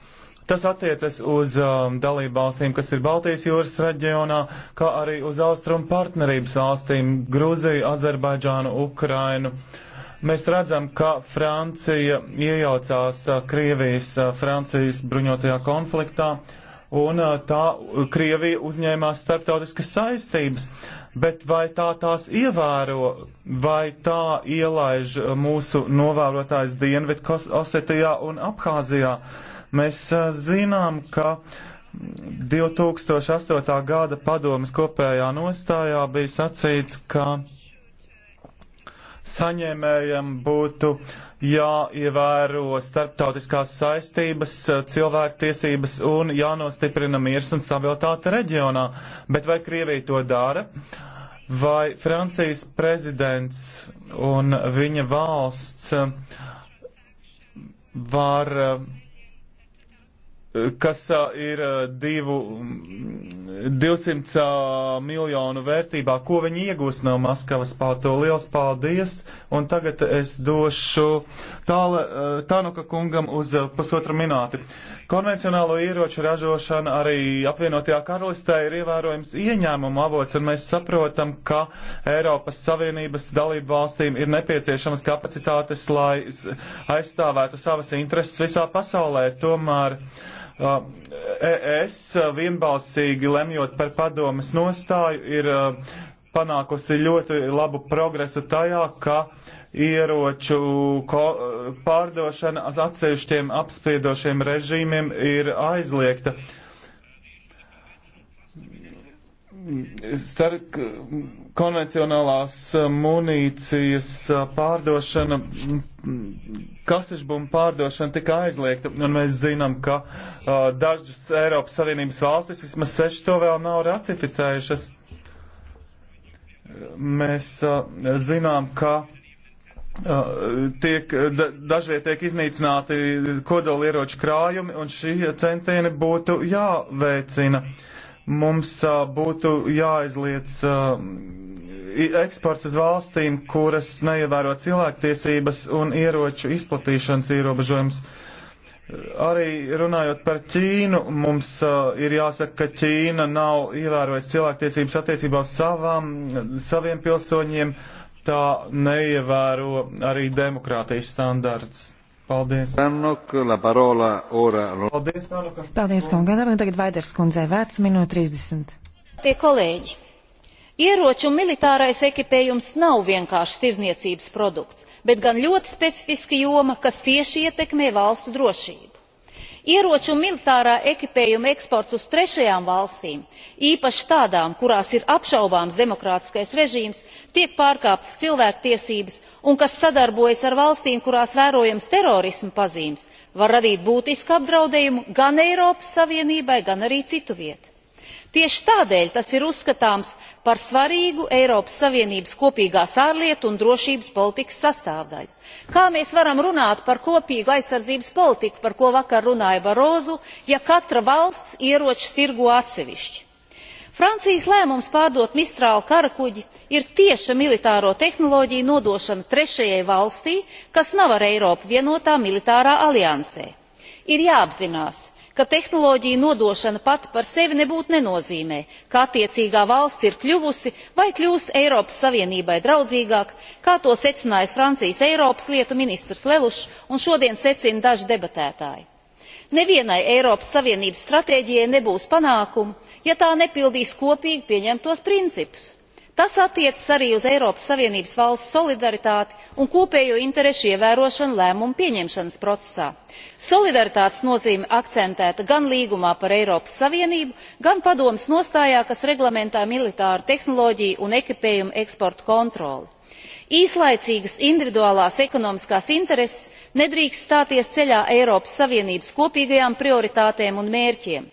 Tas attiecas uz um, dalību valstīm, kas ir Baltijas jūras reģionā, kā arī uz austrumu partnerības valstīm - Gruziju, Azerbaidžānu, Ukrainu. Mēs redzam, ka Francija iejaucās uh, Krievijas, uh, Francijas bruņotajā konfliktā, un uh, tā Krievija uzņēmās starptautiskas saistības. Bet vai tā tās ievēro, vai tā ielaiž uh, mūsu novērotājs Dienvidu Osetijā un Abhāzijā? Uh, Mēs zinām, ka 2008. gada padomas kopējā nostājā bija sacīts, ka saņēmējiem būtu jāievēro starptautiskās saistības, cilvēktiesības un jānostiprina miers un stabilitāte reģionā. Bet vai Krievija to dara? Vai Francijas prezidents un viņa valsts var kas ir divu, 200 mm, miljonu vērtībā, ko viņi iegūs no Maskavas pār to liels paldies. Un tagad es došu tāla, Tānuka kungam uz pusotra minūti. Konvencionālo ieroču ražošana arī apvienotajā karalistē ir ievērojams ieņēmumu avots, un mēs saprotam, ka Eiropas Savienības dalību valstīm ir nepieciešamas kapacitātes, lai aizstāvētu savas intereses visā pasaulē. Tomēr Uh, e- ES uh, vienbalsīgi lemjot par padomes nostāju ir uh, panākusi ļoti labu progresu tajā, ka ieroču pārdošana atsevišķiem apspiedošiem režīmiem ir aizliegta. Stark, konvencionālās eh, munīcijas eh, pārdošana, kasešbumbu pārdošana tika aizliegta, un mēs zinām, ka uh, dažas Eiropas Savienības valstis vismaz seši to vēl nav ratificējušas. Mēs uh, zinām, ka uh, tiek, da, dažviet tiek iznīcināti kodolieroču krājumi, un šie centieni būtu jāveicina. Uh, mums uh, būtu jāizliec uh, eksports uz valstīm, kuras neievēro cilvēktiesības un ieroču izplatīšanas ierobežojums. Arī runājot par Ķīnu, mums uh, ir jāsaka, ka Ķīna nav ievērojusi cilvēktiesības attiecībā uz savām, saviem pilsoņiem, tā neievēro arī demokrātijas standarts. Paldies. Paldies, Tanuka. Paldies, kungam. Tagad Vaiders kundzei vērts minūte 30. Tie kolēģi, ieroču un militārais ekipējums nav vienkārši tirzniecības produkts, bet gan ļoti specifiska joma, kas tieši ietekmē valstu drošību ieroču un militārā ekipējuma eksports uz trešajām valstīm īpaši tādām kurās ir apšaubāms demokrātiskais režīms tiek pārkāptas cilvēktiesības un kas sadarbojas ar valstīm kurās vērojamas terorisma pazīmes var radīt būtisku apdraudējumu gan eiropas savienībai gan arī citviet tieši tādēļ tas ir uzskatāms par svarīgu eiropas savienības kopīgās ārlietu un drošības politikas sastāvdaļu. kā mēs varam runāt par kopīgu aizsardzības politiku par ko vakar runāja barroso ja katra valsts ieročus tirgo atsevišķi? francijas lēmums pārdot mistrāla karakuģi ir tieša militāro tehnoloģiju nodošana trešajai valstij kas nav ar eiropu vienotā militārā aliansē. ir jāapzinās ka tehnoloģiju nodošana pati par sevi nebūtu nenozīmē ka attiecīgā valsts ir kļuvusi vai kļūs eiropas savienībai draudzīgāka kā to secinājis francijas eiropas lietu ministrs lelušs un šodien secina daži debatētāji. nevienai eiropas savienības stratēģijai nebūs panākumu ja tā nepildīs kopīgi pieņemtos principus tas attiecas arī uz eiropas savienības valstu solidaritāti un kopējo interešu ievērošanu lēmumu pieņemšanas procesā. solidaritātes nozīme akcentēta gan līgumā par eiropas savienību gan padomes nostājā kas reglamentē militāru tehnoloģiju un ekipējuma eksporta kontroli. īslaicīgas individuālās ekonomiskās intereses nedrīkst stāties ceļā eiropas savienības kopīgajām prioritātēm un mērķiem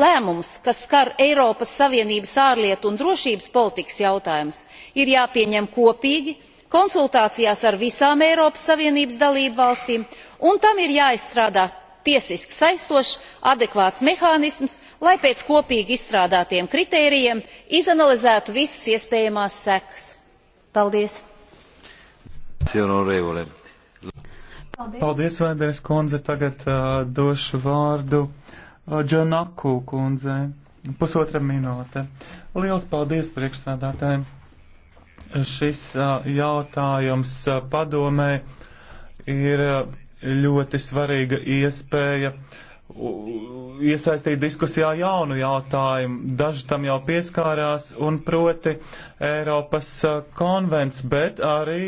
lēmumus kas skar eiropas savienības ārlietu un drošības politikas jautājumus ir jāpieņem kopīgi konsultācijās ar visām eiropas savienības dalībvalstīm un tam ir jāizstrādā tiesiski saistošs adekvāts mehānisms lai pēc kopīgi izstrādātiem kritērijiem izanalizētu visas iespējamās sekas. paldies! Paldies, Vēderes kundze. Tagad uh, došu vārdu uh, Uh, Džanaku kundzei. Pusotra minūte. Liels paldies priekšstādātājiem. Šis uh, jautājums uh, padomē ir ļoti svarīga iespēja iesaistīt diskusijā jaunu jautājumu. Daži tam jau pieskārās, un proti Eiropas konvents, bet arī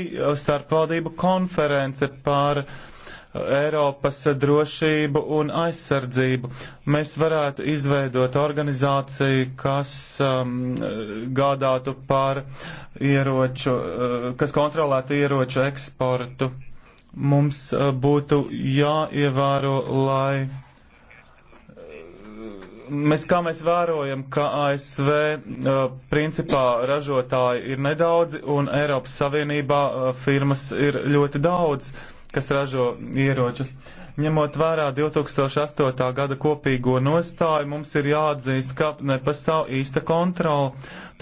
starpvaldību konference par uh, Eiropas drošību un aizsardzību. Mēs varētu izveidot organizāciju, kas um, gādātu par ieroču, uh, kas kontrolētu ieroču eksportu. Mums uh, būtu jāievēro, lai. Uh, mēs kā mēs vērojam, ka ASV uh, principā ražotāji ir nedaudzi un Eiropas Savienībā uh, firmas ir ļoti daudz. Uh, kas ražo ieročus. Ņemot vērā 2008. gada kopīgo nostāju, mums ir jāatzīst, ka nepastāv īsta kontrola.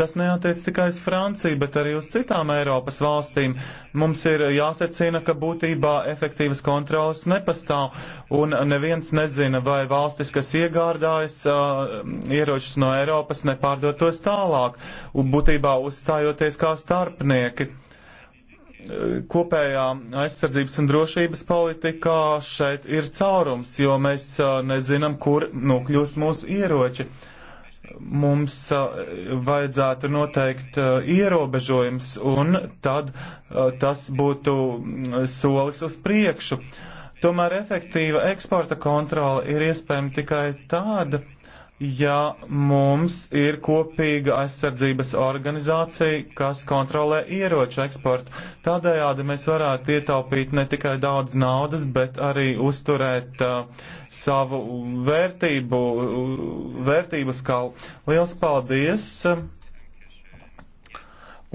Tas neatiec tikai uz Franciju, bet arī uz citām Eiropas valstīm. Mums ir jāsecina, ka būtībā efektīvas kontrolas nepastāv, un neviens nezina, vai valstis, kas iegādājas uh, ieročus no Eiropas, nepārdotos tālāk, būtībā uzstājoties kā starpnieki kopējā aizsardzības un drošības politikā šeit ir caurums, jo mēs nezinām, kur nokļūst mūsu ieroči. Mums vajadzētu noteikt ierobežojums, un tad tas būtu solis uz priekšu. Tomēr efektīva eksporta kontrola ir iespējama tikai tāda ja mums ir kopīga aizsardzības organizācija, kas kontrolē ieroču eksportu. Tādējādi mēs varētu ietaupīt ne tikai daudz naudas, bet arī uzturēt uh, savu vērtību, uh, vērtību skalu. Liels paldies!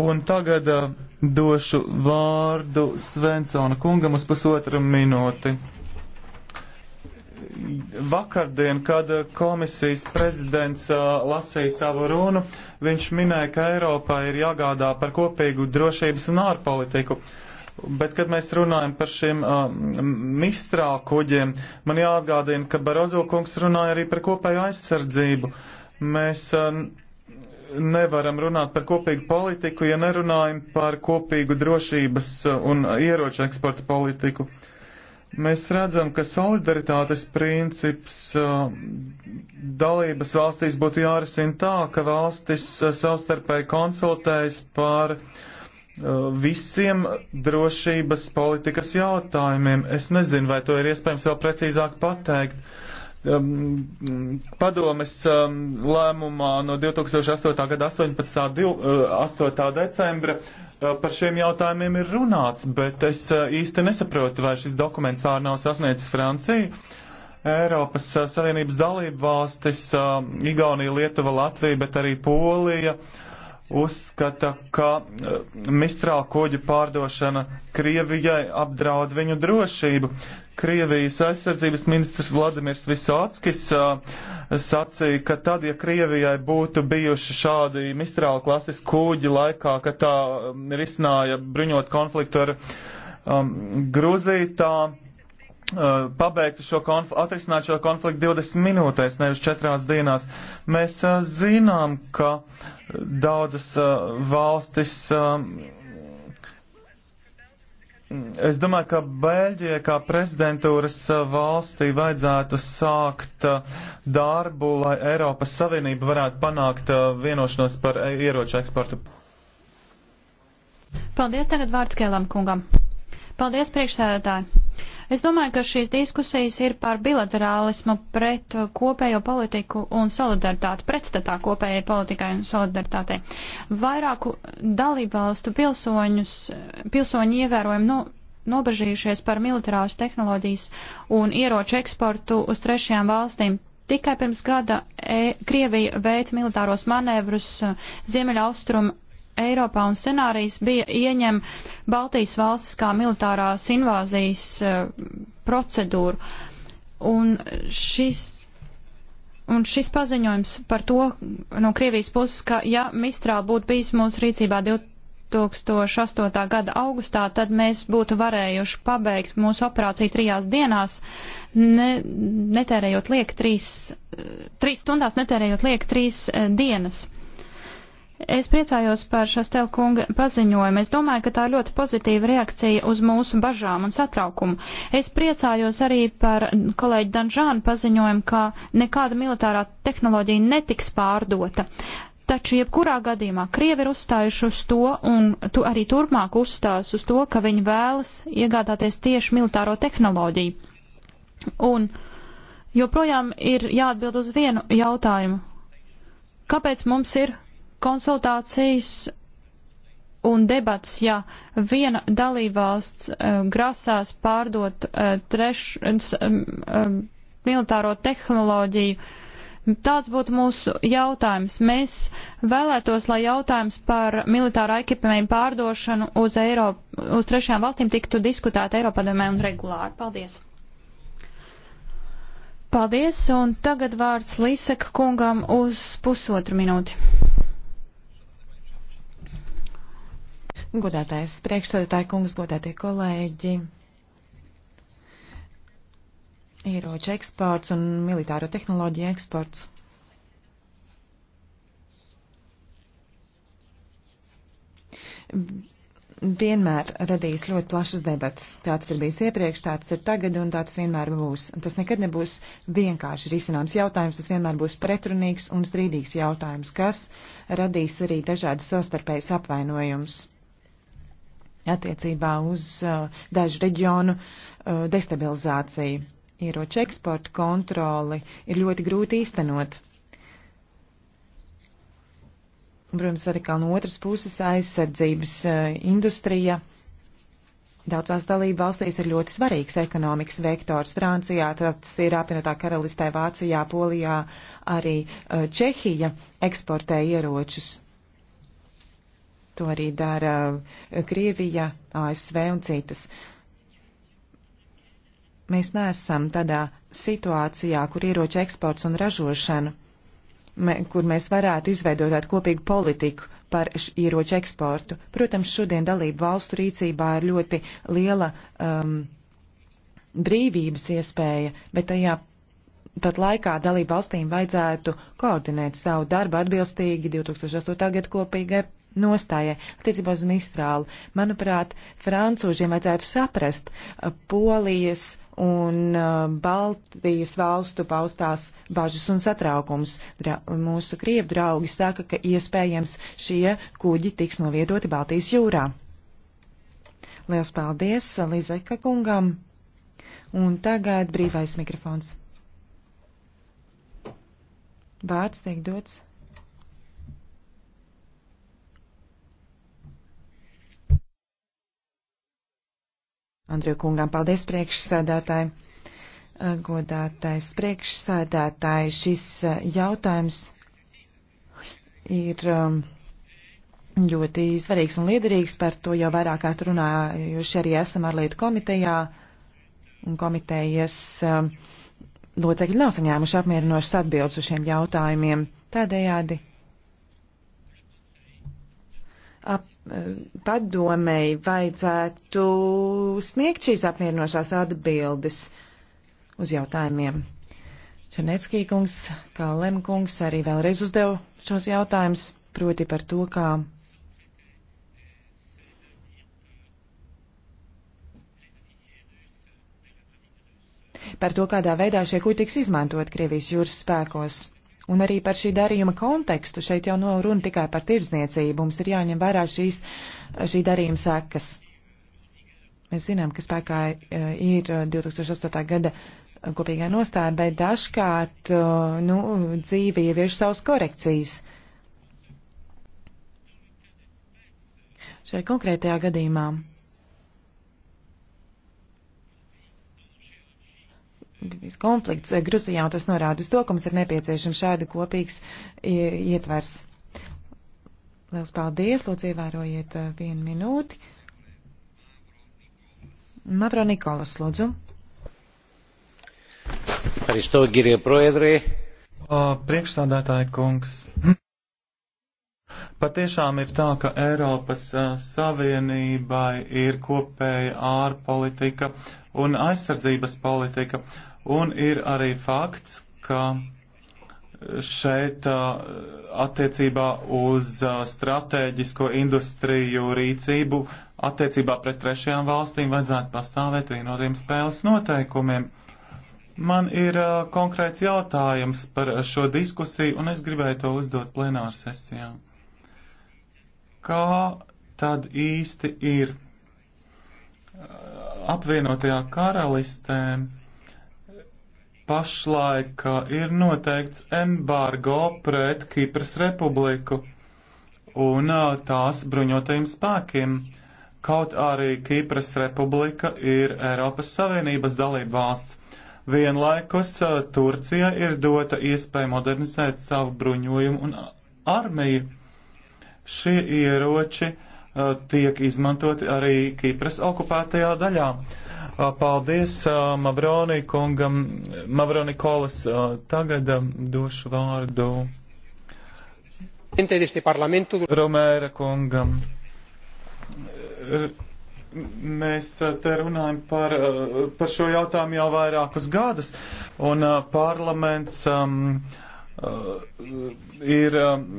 Un tagad uh, došu vārdu Svensona kungam uz pusotru minūti vakardien, kad komisijas prezidents uh, lasīja savu runu, viņš minēja, ka Eiropā ir jāgādā par kopīgu drošības un ārpolitiku. Bet, kad mēs runājam par šiem uh, mistrālu kuģiem, man jāatgādina, ka Barozo kungs runāja arī par kopēju aizsardzību. Mēs uh, nevaram runāt par kopīgu politiku, ja nerunājam par kopīgu drošības uh, un ieroču eksporta politiku. Uh, Mēs redzam, ka solidaritātes princips uh, dalības valstīs būtu jārisina tā, ka valstis uh, savstarpēji konsultējas par uh, visiem drošības politikas jautājumiem. Es nezinu, vai to ir iespējams vēl precīzāk pateikt. Um, padomes um, lēmumā no 2008. gada 18. 8. decembra uh, Eh, par šiem jautājumiem ir runāts, bet es eh, īsti nesaprotu, vai šis dokuments tā nav sasniedzis Franciju. Eiropas eh, Savienības dalību valstis, Igaunija, Lietuva, Latvija, bet arī Polija. Uh, uzskata, ka eh, mistrāla kuģu pārdošana Krievijai apdraud viņu drošību. Krievijas aizsardzības ministrs Vladimirs Visotskis eh, sacīja, ka tad, ja Krievijai būtu bijuši šādi mistrāla klases kuģi laikā, kad tā eh, risināja bruņot konfliktu ar um, Gruziju, tā Uh, pabeigtu šo konfliktu, atrisināt šo konfliktu 20 minūtēs, nevis 4 dienās. Mēs uh, zinām, ka daudzas uh, valstis. Uh, Es domāju, ka Beļģijai kā prezidentūras uh, valstī vajadzētu sākt uh, darbu, lai Eiropas Savienība varētu panākt vienošanos par e, ieroču eksportu. Paldies, tagad vārds Kēlam kungam. Paldies, priekšsēdētāji. Es domāju, ka šīs diskusijas ir par bilaterālismu pret kopējo politiku un solidaritāti, pretstatā kopējai politikai un solidaritātei. Vairāku dalībvalstu pilsoņus, pilsoņi ievērojami no, nobežījušies par militārās tehnoloģijas un ieroču eksportu uz trešajām valstīm. Tikai pirms gada e, Krievija veica militāros manevrus uh, Ziemeļa austrumu Eiropā un scenārijs bija ieņem Baltijas valstis kā militārās invāzijas uh, procedūru. Un šis, un šis paziņojums par to no Krievijas puses, ka ja Mistrāl būtu bijis mūsu rīcībā 2008. gada augustā, tad mēs būtu varējuši pabeigt mūsu operāciju trijās dienās, ne, netērējot liek trīs, eh, trīs stundās, netērējot liek trīs eh, dienas. Es priecājos par Šastel kunga paziņojumu. Es domāju, ka tā ir ļoti pozitīva reakcija uz mūsu bažām un satraukumu. Es priecājos arī par kolēģi Danžānu paziņojumu, ka nekāda militārā tehnoloģija netiks pārdota. Taču jebkurā gadījumā Krievi ir uzstājuši uz to, un tu arī turpmāk uzstās uz to, ka viņi vēlas iegādāties tieši militāro tehnoloģiju. Un joprojām ir jāatbild uz vienu jautājumu. Kāpēc mums ir konsultācijas un debats, ja viena dalībvalsts uh, grasās pārdot uh, treš, uh, militāro tehnoloģiju. Tāds būtu mūsu jautājums. Mēs vēlētos, lai jautājums par militāro ekipējumu pārdošanu uz, Eiropu, uz trešajām valstīm tiktu diskutēt Eiropadomē un regulāri. Paldies! Paldies, un tagad vārds Līseka kungam uz pusotru minūti. Godātais priekšsēdētāji kungs, godātie kolēģi. Ieroču eksports un militāro tehnoloģiju eksports. vienmēr radīs ļoti plašas debatas. Tāds ir bijis iepriekš, tāds ir tagad un tāds vienmēr būs. Tas nekad nebūs vienkārši risināms jautājums, tas vienmēr būs pretrunīgs un strīdīgs jautājums, kas radīs arī dažādas savstarpējas apvainojumus attiecībā uz uh, dažu reģionu uh, destabilizāciju. Ieroču eksporta kontroli ir ļoti grūti īstenot. Protams, arī kā no otras puses aizsardzības uh, industrija. Daudzās dalība valstīs ir ļoti svarīgs ekonomikas vektors. Francijā tas ir apvienotā karalistē, Vācijā, Polijā, arī uh, Čehija eksportē ieročus. To arī dara eh, Krievija, ASV un citas. Mēs neesam tādā situācijā, kur ieroču eksports un ražošana, me, kur mēs varētu izveidot tādu kopīgu politiku par ieroču eksportu. Protams, šodien dalību valstu rīcībā ir ļoti liela um, brīvības iespēja, bet tajā pat laikā dalību valstīm vajadzētu koordinēt savu darbu atbilstīgi 2008. gada kopīgai nostājai attiecībā uz Mistrālu. Manuprāt, francūžiem vajadzētu saprast Polijas un Baltijas valstu paustās bažas un satraukums. Dra mūsu krievu draugi saka, ka iespējams šie kuģi tiks noviedoti Baltijas jūrā. Liels paldies Lizeka kungam. Un tagad brīvais mikrofons. Vārds tiek dots Andriju kungām. Paldies priekšsēdētāji. Uh, godātais priekšsēdētāji, šis uh, jautājums ir um, ļoti svarīgs un liederīgs. Par to jau vairāk kārt runājuši arī esam ārlietu komitejā. Komitejas um, locekļi nav saņēmuši apmierinošas atbildes uz šiem jautājumiem. Tādējādi ap, padomēji vajadzētu sniegt šīs apmierinošās atbildes uz jautājumiem. Černeckī kungs, kā Lemkungs, arī vēlreiz uzdev šos jautājumus, proti par to, kā par to, kādā veidā šie kuģi tiks izmantot Krievijas jūras spēkos. Un arī par šī darījuma kontekstu šeit jau nav nu, runa tikai par tirdzniecību. Mums ir jāņem vērā šīs, šī darījuma sekas. Mēs zinām, ka spēkā eh, ir 2008. Eh, gada eh, kopīgā nostāja, bet dažkārt nu, dzīve ievieš savus korekcijas. Šajā konkrētajā gadījumā bijis konflikts Gruzijā, un tas norāda uz to, ka mums ir nepieciešams šādi kopīgs ietvers. Liels paldies, lūdzu ievērojiet vienu minūti. Mavro Nikolas, lūdzu. Haristo, Girie Proedri. Priekšstādātāja kungs. Patiešām ir tā, ka Eiropas Savienībai ir kopēja ārpolitika un aizsardzības politika. Uh, Un ir arī fakts, ka šeit attiecībā uz stratēģisko industriju rīcību attiecībā pret trešajām valstīm vajadzētu pastāvēt vienotiem spēles noteikumiem. Man ir konkrēts jautājums par šo diskusiju, un es gribēju to uzdot plenāru sesijā. Kā tad īsti ir apvienotajā karalistē? pašlaik ir noteikts embargo pret Kipras republiku un tās bruņotajiem spēkiem. Kaut arī Kipras republika ir Eiropas Savienības dalība valsts. Vienlaikus Turcija ir dota iespēja modernizēt savu bruņojumu un armiju. Šie ieroči uh, Eh, tiek izmantoti arī Kipras okupētajā daļā. Eh, paldies eh, Mavroni kungam, Mavroni Kolas. Tagad došu vārdu Romēra kungam. Mēs te runājam par, par šo jautājumu jau vairākus gadus, un parlaments um, ir ehm,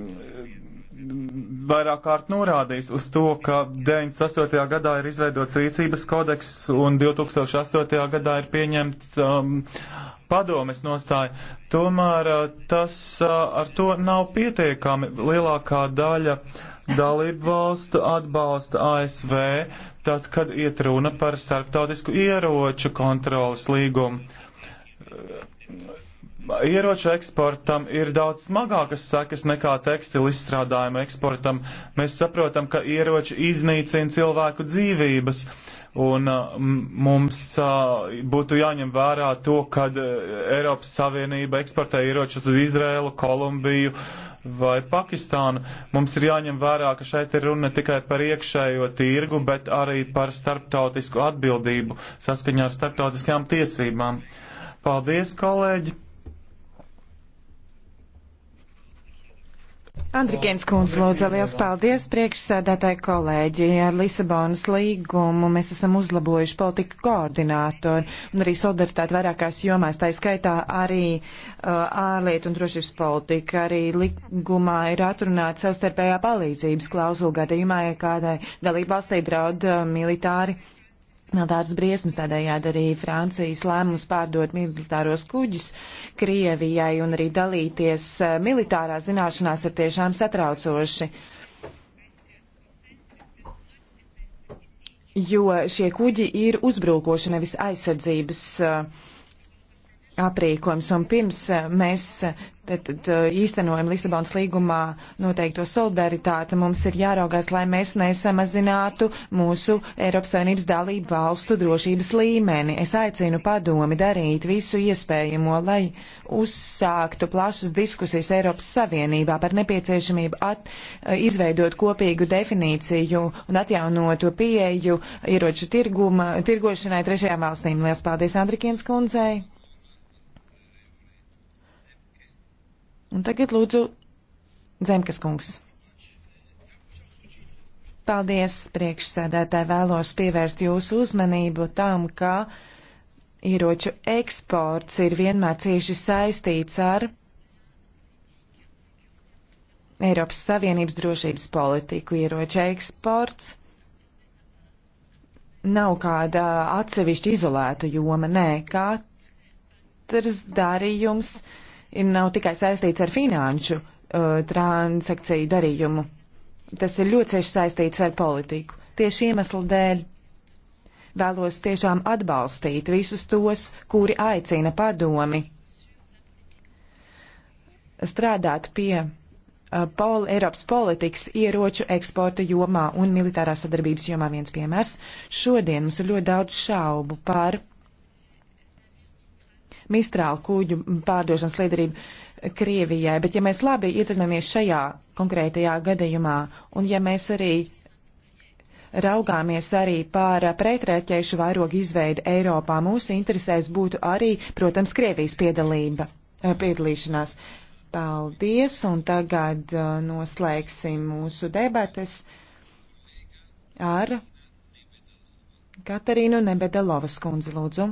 vairāk kārt norādījis uz to, ka 98. gadā ir izveidots rīcības kodeks un 2008. gadā ir pieņemts um, padomes nostāja. Tomēr uh, tas uh, ar to nav pietiekami. Lielākā daļa dalību valstu atbalsta ASV, tad, kad iet runa par starptautisku ieroču kontrolas līgumu Ieroču eksportam ir daudz smagākas sekas nekā tekstilu izstrādājumu eksportam. Mēs saprotam, ka ieroči iznīcina cilvēku dzīvības, un uh, mums uh, būtu jāņem vērā to, kad uh, Eiropas Savienība eksportē ieročus uz Izrēlu, Kolumbiju vai Pakistānu. Mums ir jāņem vērā, ka šeit ir runa ne tikai par iekšējo tirgu, bet arī par starptautisku atbildību saskaņā ar starptautiskajām tiesībām. Paldies, kolēģi! Andrikēns kundze, lūdzu, liels paldies priekšsēdētāji kolēģi. Ar Lisabonas līgumu mēs esam uzlabojuši politiku koordinātoru un arī solidaritāti vairākās jomās. Tā skaitā arī uh, ārlietu un drošības politika. Arī līgumā ir atrunāta savstarpējā palīdzības klauzula gadījumā, ja kādai dalībvalstī draud uh, militāri Militāras briesmas tādējādi arī Francijas lēmums pārdot militāros kuģus Krievijai un arī dalīties eh, militārā zināšanās ir tiešām satraucoši. Jo šie kuģi ir uzbrukoši nevis aizsardzības uh, aprīkojums. Un pirms eh, mēs tad, eh, tad, īstenojam Lisabonas līgumā noteikto solidaritāti, mums ir jāraugās, lai mēs nesamazinātu mūsu Eiropas Savienības dalību valstu drošības līmeni. Es aicinu padomi darīt visu iespējamo, lai uzsāktu plašas diskusijas Eiropas Savienībā par nepieciešamību at, eh, izveidot kopīgu definīciju un atjaunotu pieeju ieroču tirguma, tirgošanai trešajām valstīm. Lielas paldies Andrikienas kundzei! Un tagad lūdzu Zemkas kungs. Paldies, priekšsēdētāji, vēlos pievērst jūsu uzmanību tam, ka ieroču eksports ir vienmēr cieši saistīts ar Eiropas Savienības drošības politiku. Ieroču eksports nav kāda atsevišķa izolēta joma, nē, katrs darījums. Kā nav tikai saistīts ar finanšu uh, transakciju darījumu. Tas ir ļoti cieši saistīts ar politiku. Tieši iemeslu dēļ vēlos tiešām atbalstīt visus tos, kuri aicina padomi strādāt pie uh, pol, Eiropas politikas ieroču eksporta jomā un militārās sadarbības jomā viens piemērs. Šodien mums ir ļoti daudz šaubu par mistrālu kūģu pārdošanas līderību. Krievijai, bet ja mēs labi iedzinamies šajā konkrētajā gadījumā, un ja mēs arī raugāmies arī par pretrēķēšu vairogu izveidu Eiropā, mūsu interesēs būtu arī, protams, Krievijas piedalība, eh, piedalīšanās. Paldies, un tagad eh, noslēgsim mūsu debates ar Katarīnu Nebedelovas kundzi, lūdzu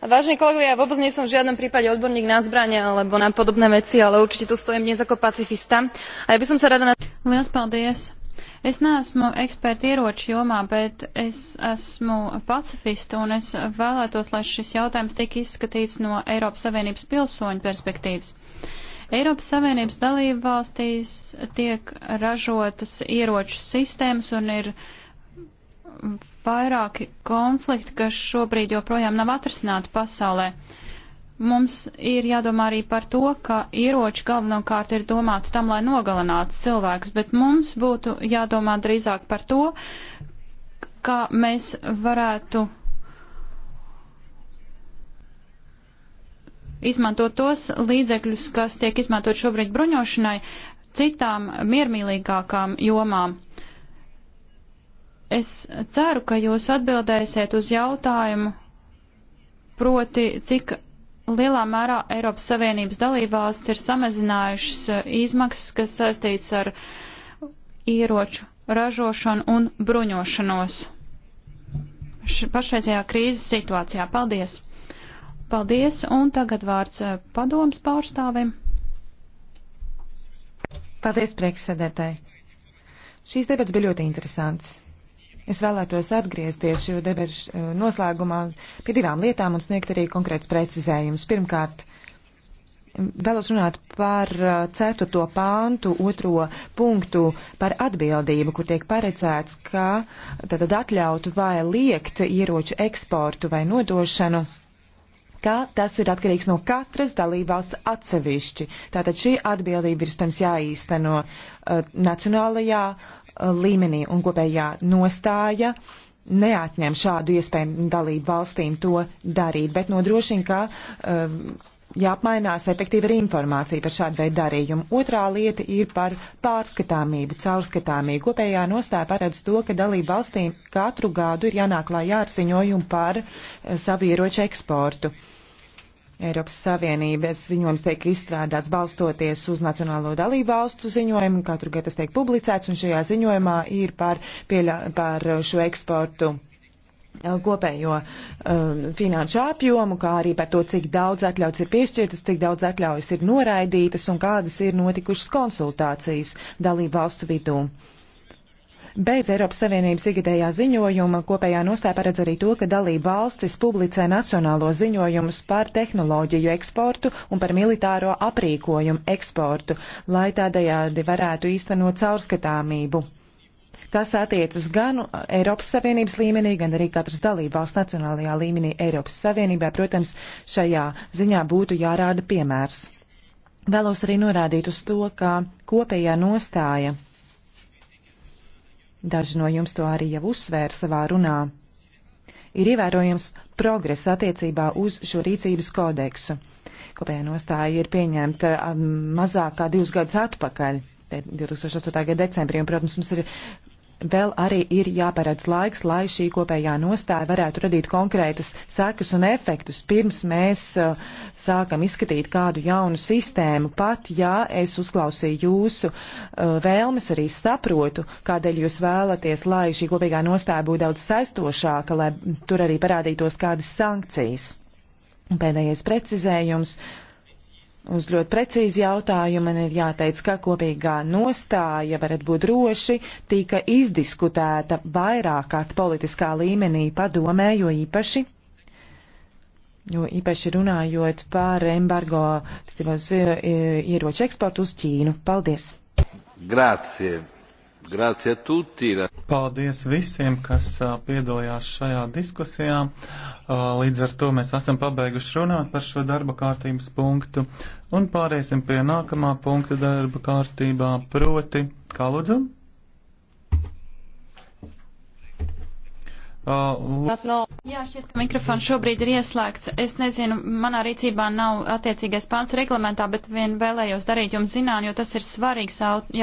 vážení kolegovia ja vôbec nie som v žiadnom prípade odborník na zbrane alebo na podobné veci ale určite tu stojím dnes ako pacifista a ja by som sa rada. liels paldies! Es neesmu eksperta ieroču jomā, bet es esmu pacifista un es vēlētos, lai šis jautājums tiek izskatīts no Eiropas Savienības pilsoņu perspektīvas. Eiropas Savienības dalību valstīs tiek ražotas ieroču sistēmas un ir vairāki konflikti, kas šobrīd joprojām nav atrasināti pasaulē. Mums ir jādomā arī par to, ka ieroči galvenokārt ir domāti tam, lai nogalinātu cilvēkus, bet mums būtu jādomā drīzāk par to, kā mēs varētu izmantot tos līdzekļus, kas tiek izmantot šobrīd bruņošanai, citām miermīlīgākām jomām. Es ceru, ka jūs atbildēsiet uz jautājumu, proti, cik lielā mērā Eiropas Savienības dalībvalsts ir samazinājušas uh, izmaksas, kas saistīts ar ieroču ražošanu un bruņošanos pašreizajā krīzes situācijā. Paldies! Paldies, un tagad vārds uh, padoms pārstāvim. Paldies, priekšsēdētāji! Šīs debats bija ļoti interesants. Es vēlētos atgriezties šo debašu eh, noslēgumā pie divām lietām un sniegt arī konkrēts precizējums. Pirmkārt, vēlos runāt par eh, ceturto pāntu, otro punktu par atbildību, kur tiek paredzēts, ka tad atļaut vai liekt ieroču eksportu vai nodošanu ka tas ir atkarīgs no katras dalībvalsts atsevišķi. Tātad šī atbildība ir, protams, jāīsteno uh, nacionālajā līmenī un kopējā nostāja neatņem šādu iespēju dalību valstīm to darīt, bet nodrošina, ka um, jāapmainās efektīvi ar informāciju par šādu veidu darījumu. Otrā lieta ir par pārskatāmību, caurskatāmību. Kopējā nostāja paredz to, ka dalību valstīm katru gadu ir jānāk klājā ar ziņojumu par uh, savu ieroču eksportu. Uh, Eiropas Savienības ziņojums tiek izstrādāts balstoties uz Nacionālo dalību valstu ziņojumu, katru gadu tas tiek publicēts, un šajā ziņojumā ir par, pieļa, par šo eksportu uh, kopējo um, finanšu apjomu, kā arī par to, cik daudz atļauts ir piešķirtas, cik daudz atļaujas ir noraidītas un kādas ir notikušas konsultācijas dalību valstu vidū. Uh, Bez Eiropas Savienības ikgadējā ziņojuma kopējā nostāja paredz arī to, ka dalība valstis publicē nacionālo ziņojumus par tehnoloģiju eksportu un par militāro aprīkojumu eksportu, lai tādējādi varētu īstenot caurskatāmību. Tas attiecas gan Eiropas Savienības līmenī, gan arī katras dalībvalsts nacionālajā līmenī Eiropas Savienībā. Protams, šajā ziņā būtu jārāda piemērs. Vēlos arī norādīt uz to, ka kopējā nostāja Daži no jums to arī jau uzsvēra savā runā. Ir ievērojams progress attiecībā uz šo rīcības kodeksu. Kopējā nostāja ir pieņemta um, mazāk kā divus gadus atpakaļ. 2008. gada decembrī, un, protams, mums ir vēl arī ir jāparedz laiks, lai šī kopējā nostāja varētu radīt konkrētas sekas un efektus, pirms mēs uh, sākam izskatīt kādu jaunu sistēmu. Pat ja es uzklausīju jūsu uh, vēlmes, arī saprotu, kādēļ jūs vēlaties, lai šī kopīgā nostāja būtu daudz saistošāka, lai tur arī parādītos kādas sankcijas. Pēdējais precizējums. Uh, uz ļoti precīzi jautājumu man ir jāteic, ka kopīgā nostāja, varat būt droši, tika izdiskutēta vairāk kārt politiskā līmenī padomē, jo īpaši, jo īpaši runājot par embargo eh, ieroču eksportu uz Ķīnu. Paldies! Grazie! Paldies visiem, kas piedalījās šajā diskusijā. Līdz ar to mēs esam pabeiguši runāt par šo darba kārtības punktu un pāriesim pie nākamā punkta darba kārtībā proti. Kā lūdzu? Jā, šķiet, ka mikrofons šobrīd ir ieslēgts. Es nezinu, manā rīcībā nav attiecīgais pants reglamentā, bet vien vēlējos darīt jums zināt, jo tas ir svarīgs.